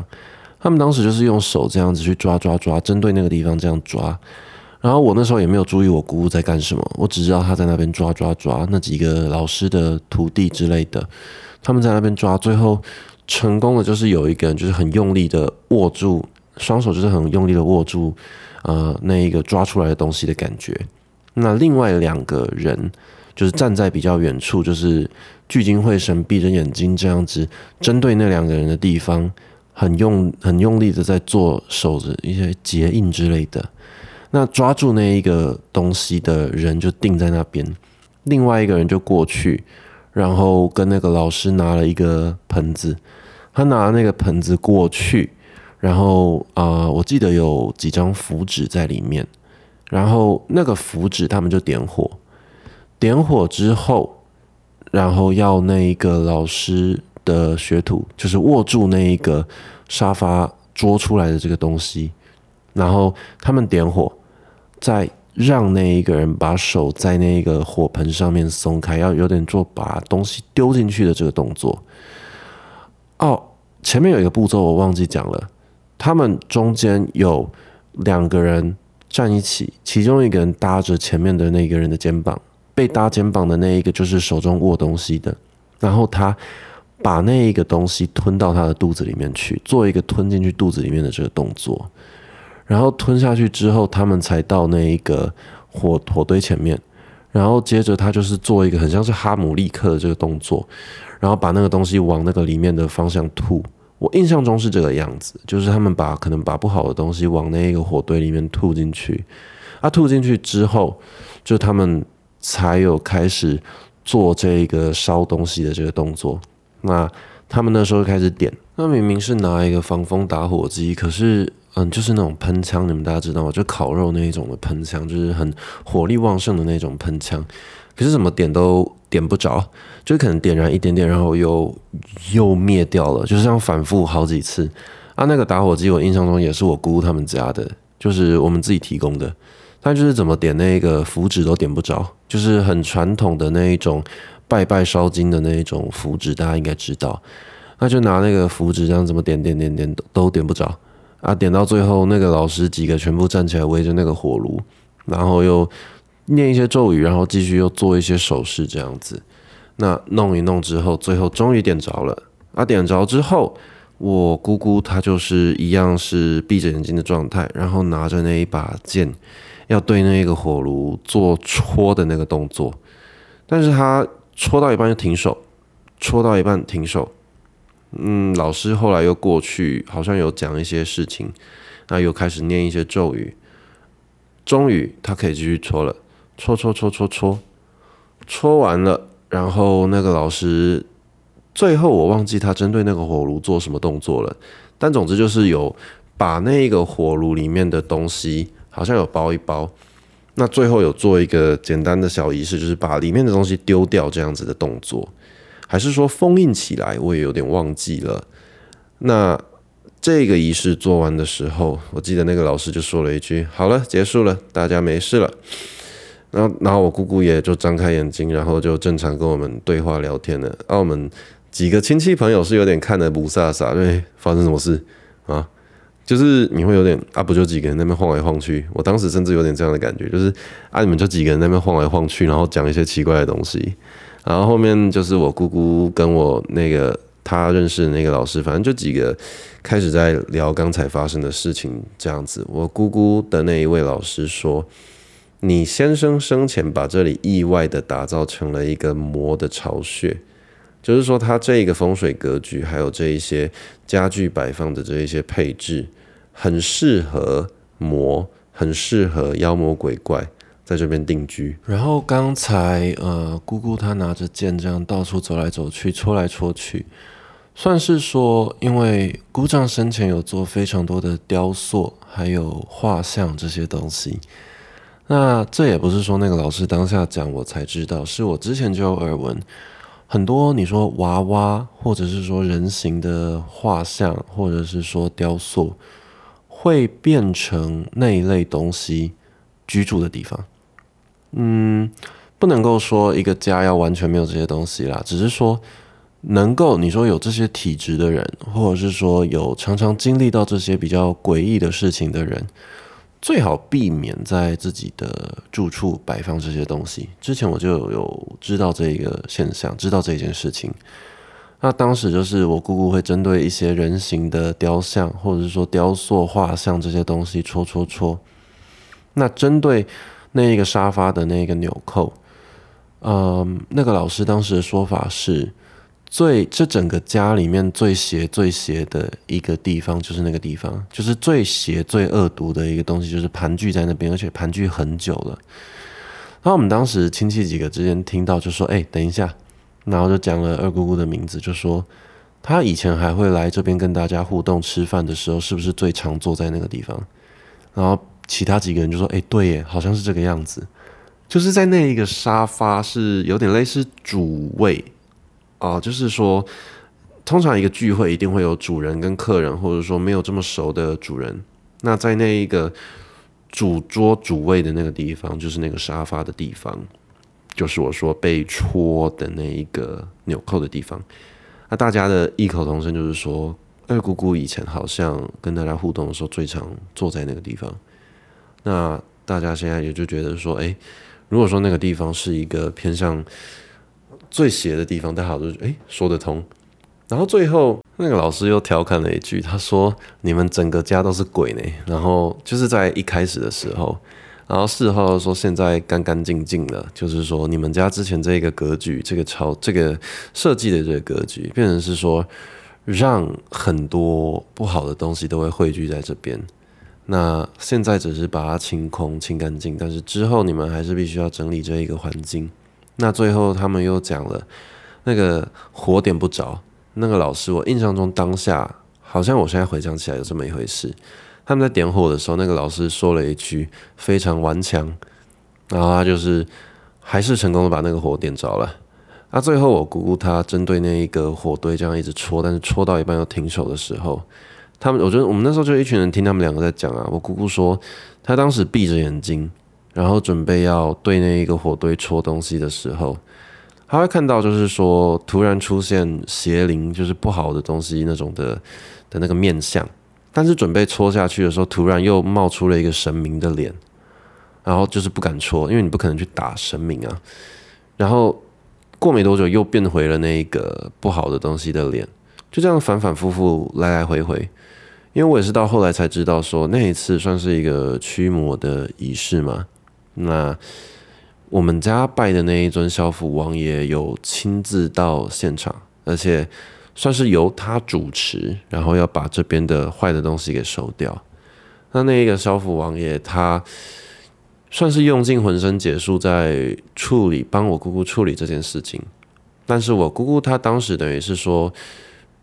他們當時就是用手這樣子去抓抓抓，針對那個地方這樣抓。然後我那時候也沒有注意我姑姑在幹什麼，我只知道她在那邊抓抓抓。那幾個老師的徒弟之類的，他們在那邊抓，最後成功的就是有一個人就是很用力的握住雙手，就是很用力的握住，呃，那一個抓出來的東西的感覺。那另外兩個人就是站在比較遠處，就是。聚精會神，閉着眼睛這樣子，針對那兩個人的地方，很用很用力的在做手的一些結印之類的。那抓住那一個東西的人就定在那邊，另外一個人就過去，然後跟那個老師拿了一個盆子，他拿那個盆子過去，然後啊、呃，我記得有幾張符紙在裡面，然後那個符紙他們就點火，點火之後。然後要那一個老師的學徒，就是握住那一個沙發捉出來的這個東西，然後他們點火，再讓那一個人把手在那一個火盆上面鬆開，要有點做把東西丟進去的這個動作。哦，前面有一個步驟我忘記講了，他們中間有兩個人站一起，其中一個人搭着前面的那個人的肩膀。被搭肩膀的那一個就是手中握的東西的，然後他把那一個東西吞到他的肚子裡面去，做一個吞進去肚子裡面的這個動作。然後吞下去之後，他們才到那一個火火堆前面，然後接着他就是做一個很像是哈姆立克的這個動作，然後把那個東西往那個裡面的方向吐。我印象中是這個樣子，就是他們把可能把不好的東西往那一個火堆裡面吐進去，啊，吐進去之後，就他們。才有開始做這個燒東西的這個動作。那他們那時候開始點，那明明是拿一個防風打火機，可是嗯，就是那種噴槍，你們大家知道嗎？就烤肉那一種的噴槍，就是很火力旺盛的那種噴槍。可是怎麼點都點不着，就可能點燃一點點，然後又又滅掉了，就是這樣反覆好幾次。啊，那個打火機我印象中也是我姑他們家的，就是我們自己提供的。那就是怎麼點那個符紙都點不着，就是很傳統的那一種拜拜燒金的那一種符紙，大家應該知道。那就拿那個符紙這樣怎麼點點點點都都點不着啊！點到最後，那個老師幾個全部站起來圍着那個火爐，然後又念一些咒語，然後繼續又做一些手勢這樣子。那弄一弄之後，最後終於點着了啊！點着之後，我姑姑她就是一樣是閉着眼睛的狀態，然後拿着那一把劍，要對那個火爐做戳的那個動作，但是他戳到一半就停手，戳到一半停手。嗯，老師後來又過去，好像有講一些事情，那又開始念一些咒語。終於他可以繼續戳了，戳，戳戳戳戳戳，戳完了，然後那個老師最後我忘記他針對那個火爐做什麼動作了，但總之就是有把那個火爐裡面的東西。好像有包一包，那最後有做一個簡單的小儀式，就是把裡面的東西丟掉這樣子的動作，還是說封印起來，我也有點忘記了。那這個儀式做完的時候，我記得那個老師就說了一句：“好了，結束了，大家沒事了。”然後，然後我姑姑也就張開眼睛，然後就正常跟我們對話聊天了。啊，我們幾個親戚朋友是有點看得霧煞煞，因為發生什麼事啊？就是你會有點啊，不就幾個人那邊晃來晃去？我當時甚至有點這樣的感覺，就是啊，你們就幾個人那邊晃來晃去，然後講一些奇怪的東西。然後後面就是我姑姑跟我那個她認識的那個老師，反正就幾個開始在聊剛才發生的事情這樣子。我姑姑的那一位老師說，你先生生前把這裡意外的打造成了一個魔的巢穴，就是說他這個風水格局，還有這一些家具擺放的這一些配置。很適合魔，很適合妖魔鬼怪在這邊定居。然後剛才呃，姑姑她拿着劍這樣到處走來走去，戳來戳去，算是說，因為姑丈生前有做非常多的雕塑，還有畫像這些東西。那這也不是說那個老師當下講我才知道，是我之前就有耳聞。很多你說娃娃，或者是說人形的畫像，或者是說雕塑。會變成那一類東西居住的地方，嗯，不能夠說一個家要完全沒有這些東西啦，只是說能夠你說有這些體質的人，或者是說有常常經歷到這些比較詭異的事情的人，最好避免在自己的住處擺放這些東西。之前我就有知道這個現象，知道這件事情。那當時就是我姑姑會針對一些人形的雕像，或者是說雕塑、畫像這些東西戳戳戳。那針對那一個沙發的那個紐扣，嗯，那個老師當時的說法是最這整個家裡面最邪最邪的一個地方，就是那個地方，就是最邪最惡毒的一個東西，就是盤踞在那邊，而且盤踞很久了。那我們當時親戚幾個之間聽到就說：“哎、欸，等一下。”然後就講了二姑姑的名字，就說她以前還會來這邊跟大家互動。吃飯的時候是不是最常坐在那個地方？然後其他幾個人就說：“誒，對耶，好像是這個樣子，就是在那一個沙發是有點類似主位啊、呃，就是說通常一個聚會一定會有主人跟客人，或者說沒有這麼熟的主人，那在那一個主桌主位的那個地方，就是那個沙發的地方。”就是我說被戳的那一個紐扣的地方，那、啊、大家的異口同聲就是說，二姑姑以前好像跟大家互動的時候，最常坐在那個地方。那大家現在也就覺得說，哎、欸，如果說那個地方是一個偏向最邪的地方，大家好像、欸、說得通。然後最後那個老師又調侃了一句，他說：“你們整個家都是鬼呢。”然後就是在一開始的時候。然後事後說：“現在乾乾淨淨的，就是說你們家之前這一個格局，這個朝，這個設計的這個格局，變成是說讓很多不好的東西都會匯聚在這邊。那現在只是把它清空、清乾淨，但是之後你們還是必須要整理這一個環境。那最後他們又講了，那個火點不着，那個老師，我印象中當下好像我現在回想起來有這麼一回事。”他們在點火的時候，那個老師說了一句非常頑強，然後他就是還是成功的把那個火點着了。那、啊、最後我姑姑她針對那一個火堆這樣一直戳，但是戳到一半要停手的時候，他們我覺得我們那時候就一群人聽他們兩個在講啊。我姑姑說，她當時閉着眼睛，然後準備要對那一個火堆戳東西的時候，她會看到就是說突然出現邪靈，就是不好的東西那種的的那個面相。但是準備搓下去的時候，突然又冒出了一個神明的臉，然後就是不敢搓，因為你不可能去打神明啊。然後過沒多久又變回了那一個不好的東西的臉，就這樣反反复覆、來來回回。因為我也是到後來才知道說，說那一次算是一個驅魔的儀式嘛。那我們家拜的那一尊蕭府王爺有親自到現場，而且。算是由他主持，然後要把這邊的壞的東西給收掉。那那個蕭府王爺，他算是用盡渾身解數在處理，幫我姑姑處理這件事情。但是我姑姑她當時等於是說，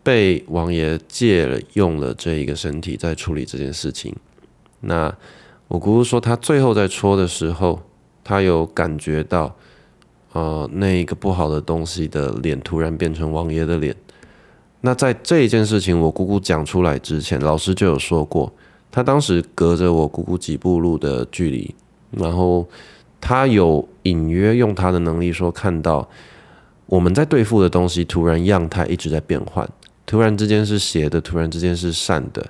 被王爺借了用了這一個身體在處理這件事情。那我姑姑說，她最後在戳的時候，她有感覺到，呃，那一個不好的東西的臉突然變成王爺的臉。那在這一件事情，我姑姑講出來之前，老師就有說過，他當時隔着我姑姑幾步路的距離，然後他有隱約用他的能力說看到我們在對付的東西，突然樣態一直在變換，突然之間是邪的，突然之間是善的。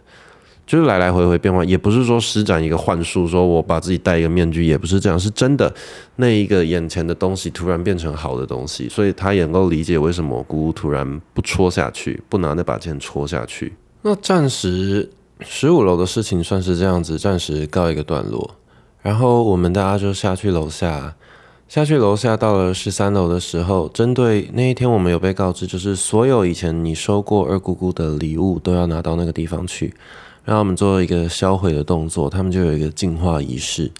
就是來來回回變化，也不是說施展一個幻術，說我把自己戴一個面具，也不是這樣，是真的。那一個眼前的東西突然變成好的東西，所以他也能夠理解為什麼我姑姑突然不戳下去，不拿那把劍戳下去。那暫時十五樓的事情算是這樣子，暫時告一個段落。然後我們大家就下去樓下，下去樓下到了十三樓的時候，針對那一天我們有被告知，就是所有以前你收過二姑姑的禮物都要拿到那個地方去。然後我們做一個銷毀的動作，他們就有一個淨化儀式。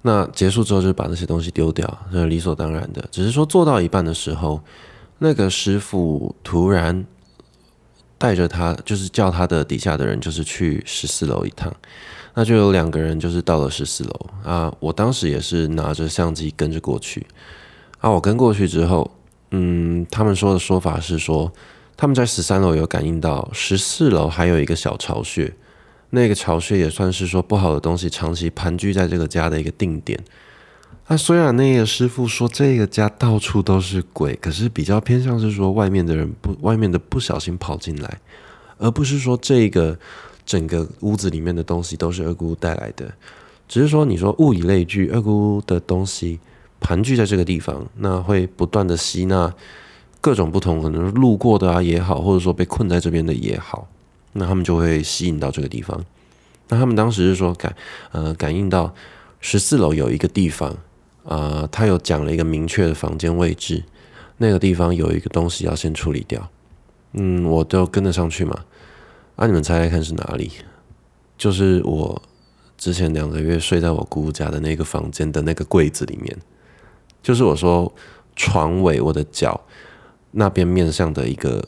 那結束之後，就把那些東西丟掉，這是理所當然的。只是說做到一半的時候，那個師傅突然帶着他，就是叫他的底下的人，就是去十四樓一趟。那就有兩個人就是到了十四樓啊，我當時也是拿着相機跟着過去。啊，我跟過去之後，嗯，他們說的說法是說。他們在十三樓有感應到十四樓還有一個小巢穴，那個巢穴也算是說不好的東西長期盤踞在這個家的一個定點。那、啊、雖然那個師傅說這個家到處都是鬼，可是比較偏向是說外面的人不，外面的不小心跑進來，而不是說這個整個屋子裡面的東西都是二姑帶來的。只是說你說物以類聚，二姑的東西盤踞在這個地方，那會不斷的吸納。各種不同，可能是路過的啊也好，或者說被困在這邊的也好，那他們就會吸引到這個地方。那他們當時是說感呃感應到十四樓有一個地方啊、呃，他有講了一個明確的房間位置，那個地方有一個東西要先處理掉。嗯，我都跟得上去嘛。啊，你們猜猜看是哪裡？就是我之前兩個月睡在我姑姑家的那個房間的那個櫃子裡面，就是我說床尾我的腳，那邊面向的一個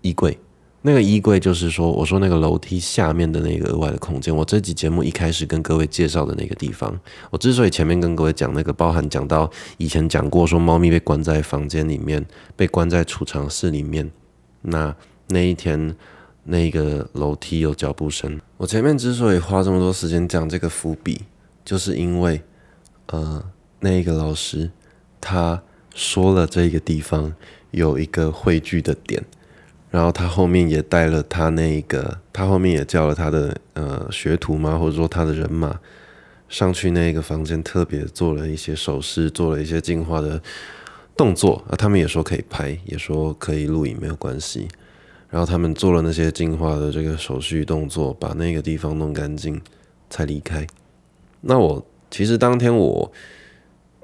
衣櫃，那個衣櫃就是說，我說那個樓梯下面的那個額外的空間，我這集節目一開始跟各位介紹的那個地方。我之所以前面跟各位講那個，包含講到以前講過說，貓咪被關在房間裡面，被關在儲藏室裡面。那那一天那個樓梯有腳步聲，我前面之所以花這麼多時間講這個伏筆，就是因為呃那個老師他說了這個地方，有一個匯聚的點，然後他後面也帶了他那個，他後面也叫了他的呃學徒嘛，或者說他的人馬上去那個房間，特別做了一些手勢，做了一些淨化的動作。啊，他們也說可以拍，也說可以錄影，沒有關係。然後他們做了那些淨化的這個手勢動作，把那個地方弄乾淨才離開。那我其實當天我。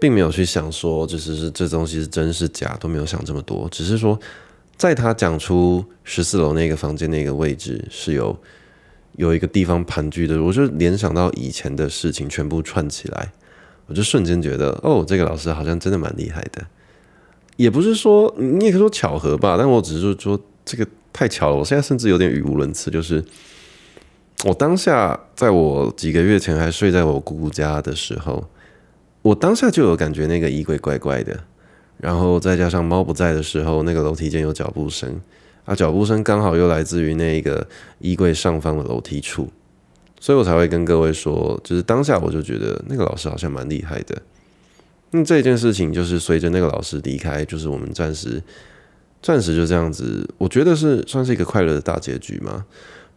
並沒有去想說，就是是這東西是真是假都沒有想這麼多，只是說，在他講出十四樓那個房間那個位置是有有一個地方盤踞的，我就聯想到以前的事情，全部串起來，我就瞬間覺得，哦，這個老師好像真的蠻厲害的，也不是說你也可以說巧合吧，但我只是說，說這個太巧了，我現在甚至有點語無倫次，就是我當下在我幾個月前還睡在我姑姑家的時候。我當下就有感覺那個衣櫃怪怪的，然後再加上貓不在的時候，那個樓梯間有腳步聲啊，腳步聲剛好又來自於那一個衣櫃上方的樓梯處，所以我才會跟各位說，就是當下我就覺得那個老師好像蠻厲害的。那這件事情就是隨着那個老師離開，就是我們暫時暫時就這樣子，我覺得是算是一個快樂的大結局嘛。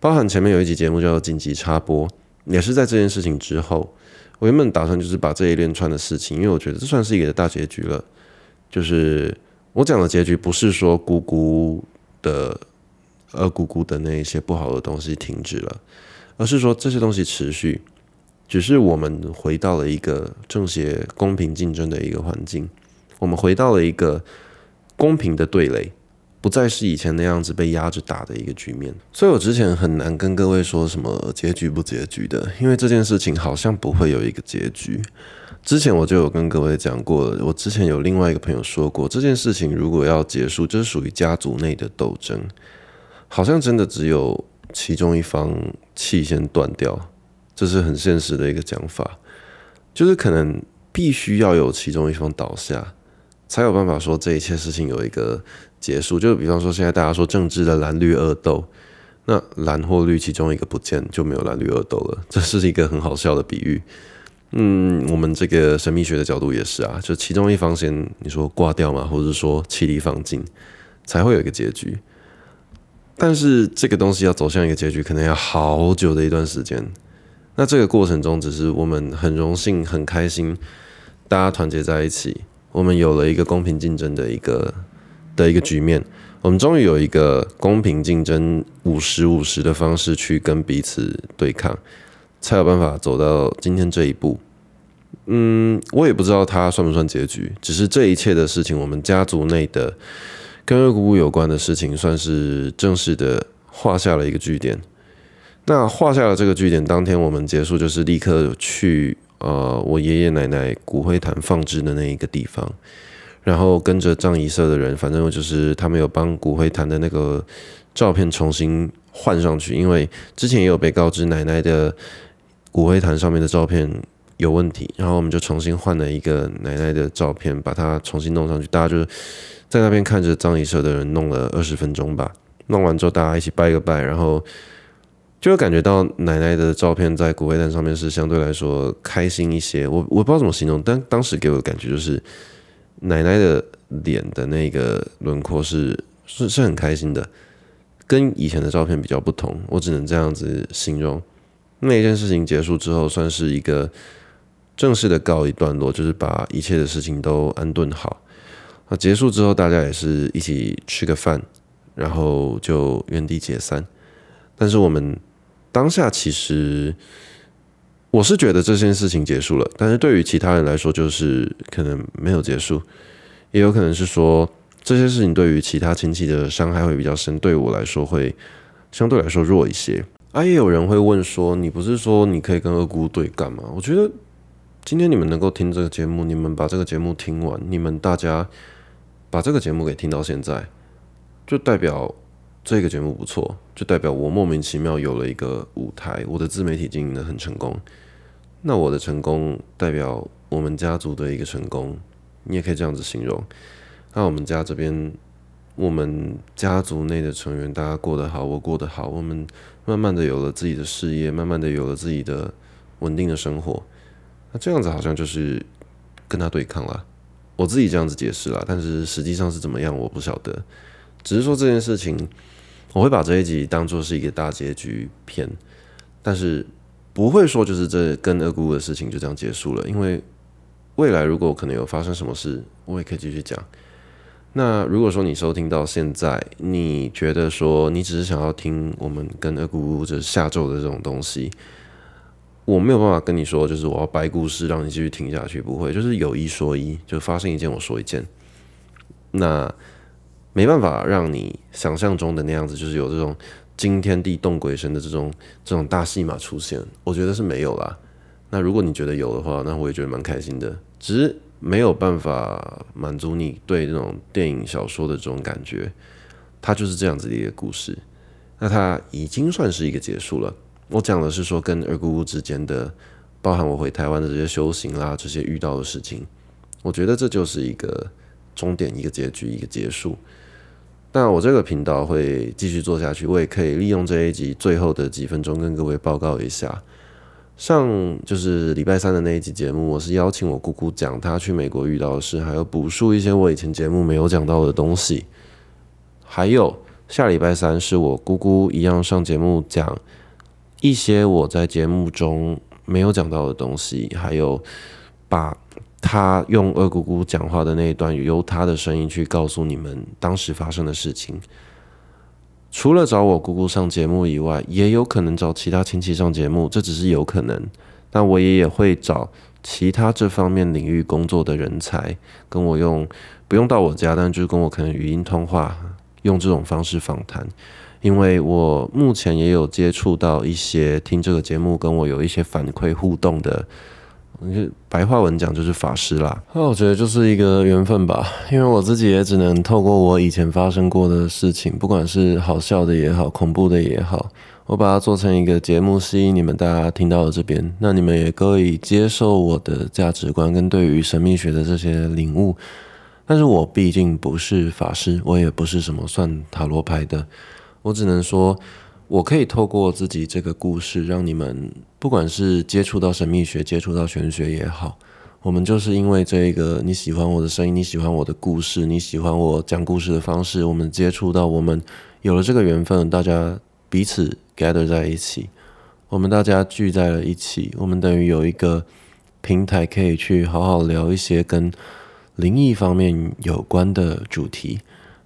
包含前面有一集節目叫做緊急插播，也是在這件事情之後。我原本打算就是把這一連串的事情，因為我覺得這算是一個大結局了。就是我講的結局，不是說姑姑的、二姑姑的那一些不好的東西停止了，而是說這些東西持續，只是我們回到了一個正確公平競爭的一個環境，我們回到了一個公平的對壘。不再是以前那樣子被壓着打的一個局面，所以我之前很難跟各位說什麼結局不結局的，因為這件事情好像不會有一個結局。之前我就有跟各位講過了，我之前有另外一個朋友說過，這件事情如果要結束，就是屬於家族內的鬥爭，好像真的只有其中一方氣先斷掉，這是很現實的一個講法，就是可能必須要有其中一方倒下。才有辦法說這一切事情有一個結束，就比方說現在大家說政治的藍綠惡鬥，那藍或綠其中一個不見就沒有藍綠惡鬥了，這是一個很好笑的比喻。嗯，我們這個神秘學的角度也是啊，就其中一方先你說掛掉嘛，或者是說氣力放盡，才會有一個結局。但是這個東西要走向一個結局，可能要好久的一段時間。那這個過程中，只是我們很榮幸、很開心，大家團結在一起。我們有了一個公平競爭的一個的一個局面，我們終於有一個公平競爭五十五十的方式去跟彼此對抗，才有辦法走到今天這一步。嗯，我也不知道它算不算結局，只是這一切的事情，我們家族內的跟二姑姑有關的事情，算是正式的畫下了一個句點。那畫下了這個句點，當天我們結束就是立刻去。呃，我爺爺奶奶骨灰罈放置的那一個地方，然後跟着葬儀社的人，反正就是他們有幫骨灰罈的那個照片重新換上去，因為之前也有被告知奶奶的骨灰罈上面的照片有問題，然後我們就重新換了一個奶奶的照片，把它重新弄上去。大家就是在那邊看着葬儀社的人弄了二十分鐘吧，弄完之後大家一起拜個拜，然後。就會感覺到奶奶的照片在骨灰罈上面是相對來說開心一些，我我不知道怎麼形容，但當時給我的感覺就是奶奶的臉的那個輪廓是是是很開心的，跟以前的照片比較不同，我只能這樣子形容。那一件事情結束之後，算是一個正式的告一段落，就是把一切的事情都安頓好。結束之後，大家也是一起吃個飯，然後就原地解散。但是我們。當下其實我是覺得這件事情結束了，但是對於其他人來說就是可能沒有結束，也有可能是說這些事情對於其他親戚的傷害會比較深，對我來說會相對來說弱一些。啊，也有人會問說，你不是說你可以跟二姑對幹嘛？我覺得今天你們能夠聽這個節目，你們把這個節目聽完，你們大家把這個節目給聽到現在，就代表。這個節目不錯，就代表我莫名其妙有了一個舞台。我的自媒體經營得很成功，那我的成功代表我們家族的一個成功，你也可以這樣子形容。那我們家這邊，我們家族內的成員大家過得好，我過得好，我們慢慢的有了自己的事業，慢慢的有了自己的穩定的生活。那這樣子好像就是跟他對抗了，我自己這樣子解釋了，但是實際上是怎麼樣我不曉得，只是說這件事情。我會把這一集當作是一個大結局片，但是不會說就是這跟二姑姑的事情就這樣結束了，因為未來如果可能有發生什麼事，我也可以繼續講。那如果說你收聽到現在，你覺得說你只是想要聽我們跟二姑姑就是下咒的這種東西，我沒有辦法跟你說，就是我要掰故事讓你繼續聽下去，不會，就是有一說一，就發生一件我說一件。那。沒辦法讓你想象中的那樣子，就是有這種驚天地動鬼神的這種這種大戲碼出現，我覺得是沒有啦。那如果你覺得有的話，那我也覺得蠻開心的。只是沒有辦法滿足你對這種電影小說的這種感覺，它就是這樣子的一個故事。那它已經算是一個結束了。我講的是說跟二姑姑之間的，包含我回台灣的這些修行啦，這些遇到的事情，我覺得這就是一個。終點一個結局，一個結束。但我這個頻道會繼續做下去，我也可以利用這一集最後的幾分鐘跟各位報告一下。上就是禮拜三的那一集節目，我是邀請我姑姑講她去美國遇到的事，還有補述一些我以前節目沒有講到的東西。還有下禮拜三是我姑姑一樣上節目講一些我在節目中沒有講到的東西，還有把。他用二姑姑講話的那一段，由他的聲音去告訴你們當時發生的事情。除了找我姑姑上節目以外，也有可能找其他親戚上節目，這只是有可能。但我也也會找其他這方面領域工作的人才，跟我用不用到我家，但就是跟我可能語音通話，用這種方式訪談。因為我目前也有接觸到一些聽這個節目跟我有一些反饋互動的。是白話文講就是法師啦，那我覺得就是一個緣分吧，因為我自己也只能透過我以前發生過的事情，不管是好笑的也好，恐怖的也好，我把它做成一個節目，吸引你們大家聽到了這邊，那你們也可以接受我的價值觀跟對於神秘學的這些領悟，但是我畢竟不是法師，我也不是什麼算塔羅牌的，我只能說。我可以透過自己這個故事，讓你們不管是接觸到神秘學、接觸到玄學也好，我們就是因為這個你喜歡我的聲音，你喜歡我的故事，你喜歡我講故事的方式，我們接觸到我們有了這個緣分，大家彼此 gather 在一起，我們大家聚在了一起，我們等於有一個平台可以去好好聊一些跟靈異方面有關的主題。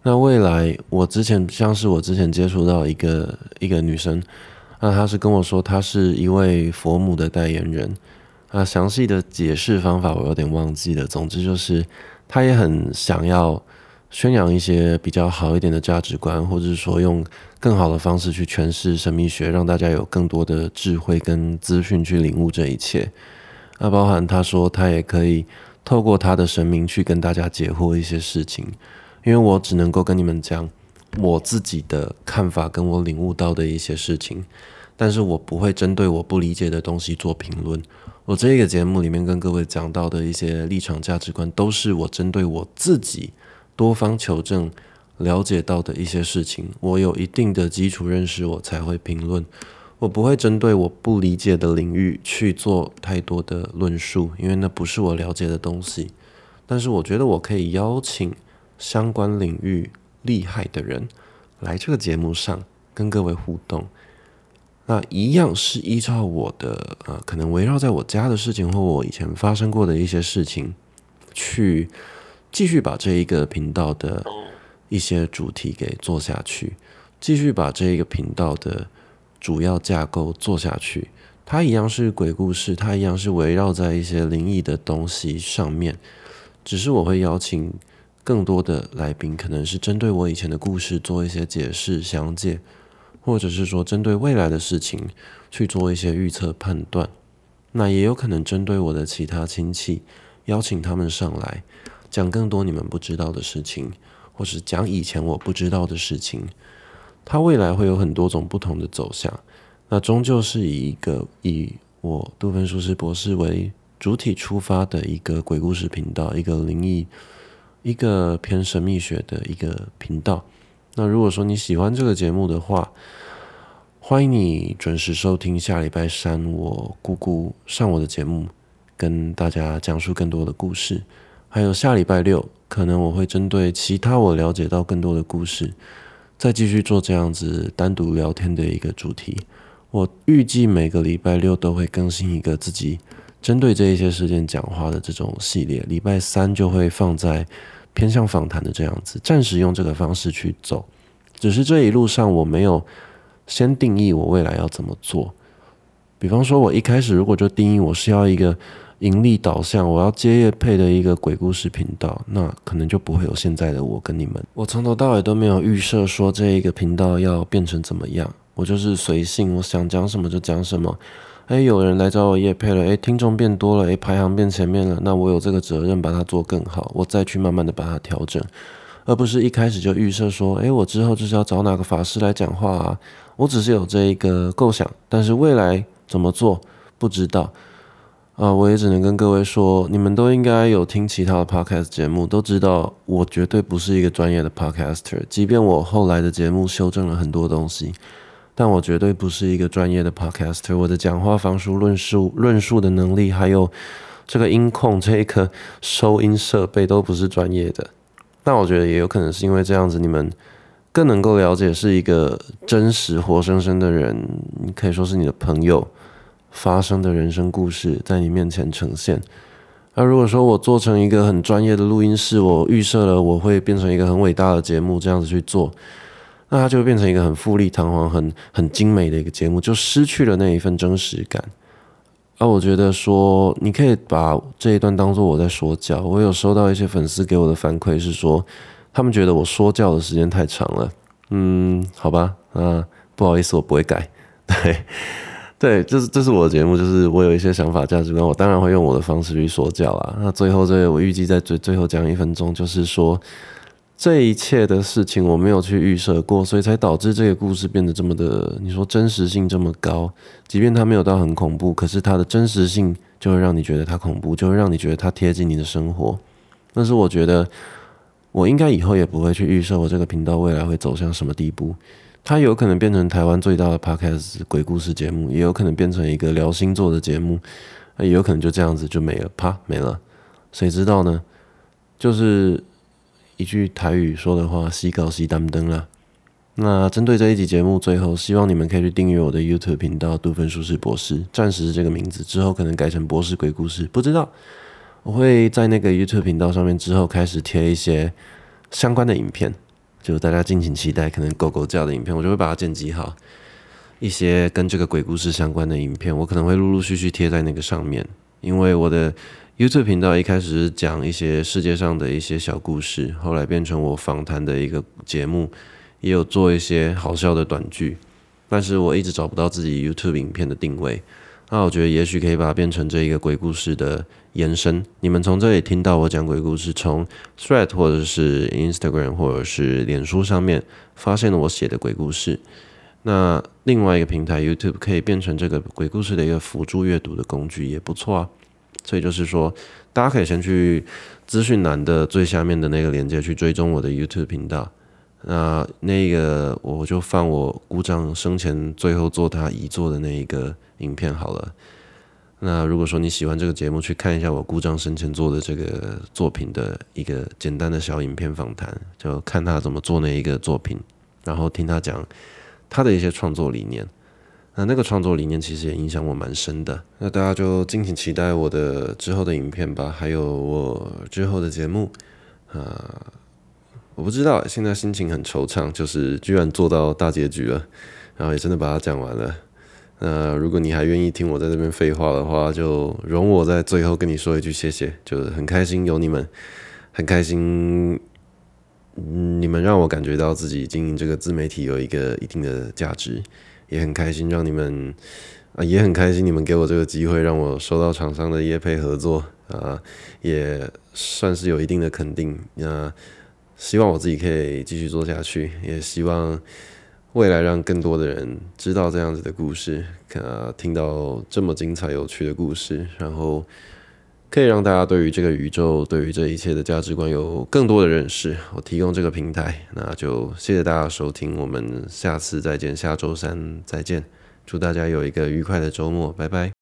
那未來，我之前像是我之前接觸到一個一個女生，那、啊、她是跟我說，她是一位佛母的代言人。那、啊、詳細的解釋方法我有點忘記了。總之就是，她也很想要宣揚一些比較好一點的價值觀，或者是說用更好的方式去詮釋神秘學，讓大家有更多的智慧跟資訊去領悟這一切。那包含她說，她也可以透過她的神明去跟大家解惑一些事情。因為我只能夠跟你們講我自己的看法，跟我領悟到的一些事情，但是我不會針對我不理解的東西做評論。我這個節目裡面跟各位講到的一些立場、價值觀，都是我針對我自己多方求證了解到的一些事情。我有一定的基礎認識，我才會評論。我不會針對我不理解的領域去做太多的論述，因為那不是我了解的東西。但是我覺得我可以邀請。相關領域厲害的人來這個節目上跟各位互動，那一樣是依照我的呃，可能圍繞在我家的事情或我以前發生過的一些事情，去繼續把這一個頻道的一些主題給做下去，繼續把這一個頻道的主要架構做下去。它一樣是鬼故事，它一樣是圍繞在一些靈異的東西上面，只是我會邀請。更多的來賓可能是針對我以前的故事做一些解釋詳解，或者是說針對未來的事情去做一些預測判斷。那也有可能針對我的其他親戚，邀請他們上來講更多你們不知道的事情，或是講以前我不知道的事情。它未來會有很多種不同的走向，那終究是以一個以我杜芬舒斯博士為主體出發的一個鬼故事頻道，一個靈異。一個偏神秘學的一個頻道。那如果說你喜歡這個節目的話，歡迎你準時收聽下禮拜三我姑姑上我的節目，跟大家講述更多的故事。還有下禮拜六，可能我會針對其他我了解到更多的故事，再繼續做這樣子單獨聊天的一個主題。我預計每個禮拜六都會更新一個自己。針對這一些事件講話的這種系列，禮拜三就會放在偏向訪談的這樣子，暫時用這個方式去走。只是這一路上我沒有先定義我未來要怎麼做。比方說，我一開始如果就定義我是要一個盈利導向，我要接業配的一個鬼故事頻道，那可能就不會有現在的我跟你們。我從頭到尾都沒有預設說，這一個頻道要變成怎麼樣，我就是隨性，我想講什麼就講什麼。誒，有人來找我業配了，誒，聽眾變多了，誒，排行變前面了，那我有這個責任把它做更好，我再去慢慢的把它調整，而不是一開始就預設說，誒，我之後就是要找哪個法師來講話，啊，我只是有這一個構想，但是未來怎麼做不知道，啊，我也只能跟各位說，你們都應該有聽其他的 podcast 節目，都知道我絕對不是一個專業的 podcaster，即便我後來的節目修正了很多東西。但我絕對不是一個專業的 Podcaster，我的講話方式論述論述的能力，還有這個音控這一個收音設備都不是專業的。但我覺得也有可能是因為這樣子，你們更能夠了解是一個真實活生生的人，可以說是你的朋友發生的人生故事在你面前呈現。那如果說我做成一個很專業的錄音室，我預設了我會變成一個很偉大的節目，這樣子去做。那它就變成一個很富麗堂皇、很很精美的一個節目，就失去了那一份真實感。而、啊、我覺得說你可以把這一段當做我在說教。我有收到一些粉絲給我的反饋是說，他們覺得我說教的時間太長了。嗯，好吧，啊，不好意思，我不會改。對，對，這、就是這、就是我的節目，就是我有一些想法、價值觀，我當然會用我的方式去說教啊。那最後這個我預計在最最後講一分鐘，就是說。這一切的事情我沒有去預設過，所以才導致這個故事變得這麼的，你說真實性這麼高。即便它沒有到很恐怖，可是它的真實性就會讓你覺得它恐怖，就會讓你覺得它貼近你的生活。但是我覺得，我應該以後也不會去預設我這個頻道未來會走向什麼地步。它有可能變成台灣最大的 Podcast 鬼故事節目，也有可能變成一個聊星座的節目，也有可能就這樣子就沒了，啪，沒了，誰知道呢？就是。一句台語說的話，西高西擔登啦。那針對這一集節目，最後希望你們可以去訂閱我的 YouTube 頻道“杜芬舒斯博士”，暫時是這個名字，之後可能改成“博士鬼故事”。不知道我會在那個 YouTube 頻道上面之後開始貼一些相關的影片，就大家敬請期待。可能狗狗叫的影片，我就會把它剪輯好；一些跟這個鬼故事相關的影片，我可能會陸陸續續貼在那個上面，因為我的。YouTube 頻道一開始是講一些世界上的一些小故事，後來變成我訪談的一個節目，也有做一些好笑的短劇，但是我一直找不到自己 YouTube 影片的定位。那我覺得也許可以把它變成這一個鬼故事的延伸。你們從這裡聽到我講鬼故事，從 Thread 或者是 Instagram 或者是臉書上面發現了我寫的鬼故事。那另外一個平台 YouTube 可以變成這個鬼故事的一個輔助閱讀的工具也不錯啊。所以就是說，大家可以先去資訊欄的最下面的那個鏈接去追蹤我的 YouTube 頻道。那那一個我就放我姑丈生前最後做他遺作的那一個影片好了。那如果說你喜歡這個節目，去看一下我姑丈生前做的這個作品的一個簡單的小影片訪談，就看他怎麼做那一個作品，然後聽他講他的一些創作理念。那那個創作理念其實也影響我蠻深的。那大家就敬請期待我的之後的影片吧，還有我之後的節目。啊、呃，我不知道，現在心情很惆悵，就是居然做到大結局了，然後也真的把它講完了。那、呃，如果你還願意聽我在這邊廢話的話，就容我在最後跟你說一句謝謝，就是很開心有你們，很開心、嗯，你們讓我感覺到自己經營這個自媒體有一個一定的價值。也很開心讓你們，啊，也很開心你們給我這個機會，讓我收到廠商的業配合作，啊，也算是有一定的肯定。那，啊，希望我自己可以繼續做下去，也希望未來讓更多的人知道這樣子的故事，啊，聽到這麼精彩有趣的故事，然後。可以讓大家對於這個宇宙，對於這一切的價值觀有更多的認識。我提供這個平台，那就謝謝大家收聽，我們下次再見，下周三再見，祝大家有一個愉快的周末，拜拜。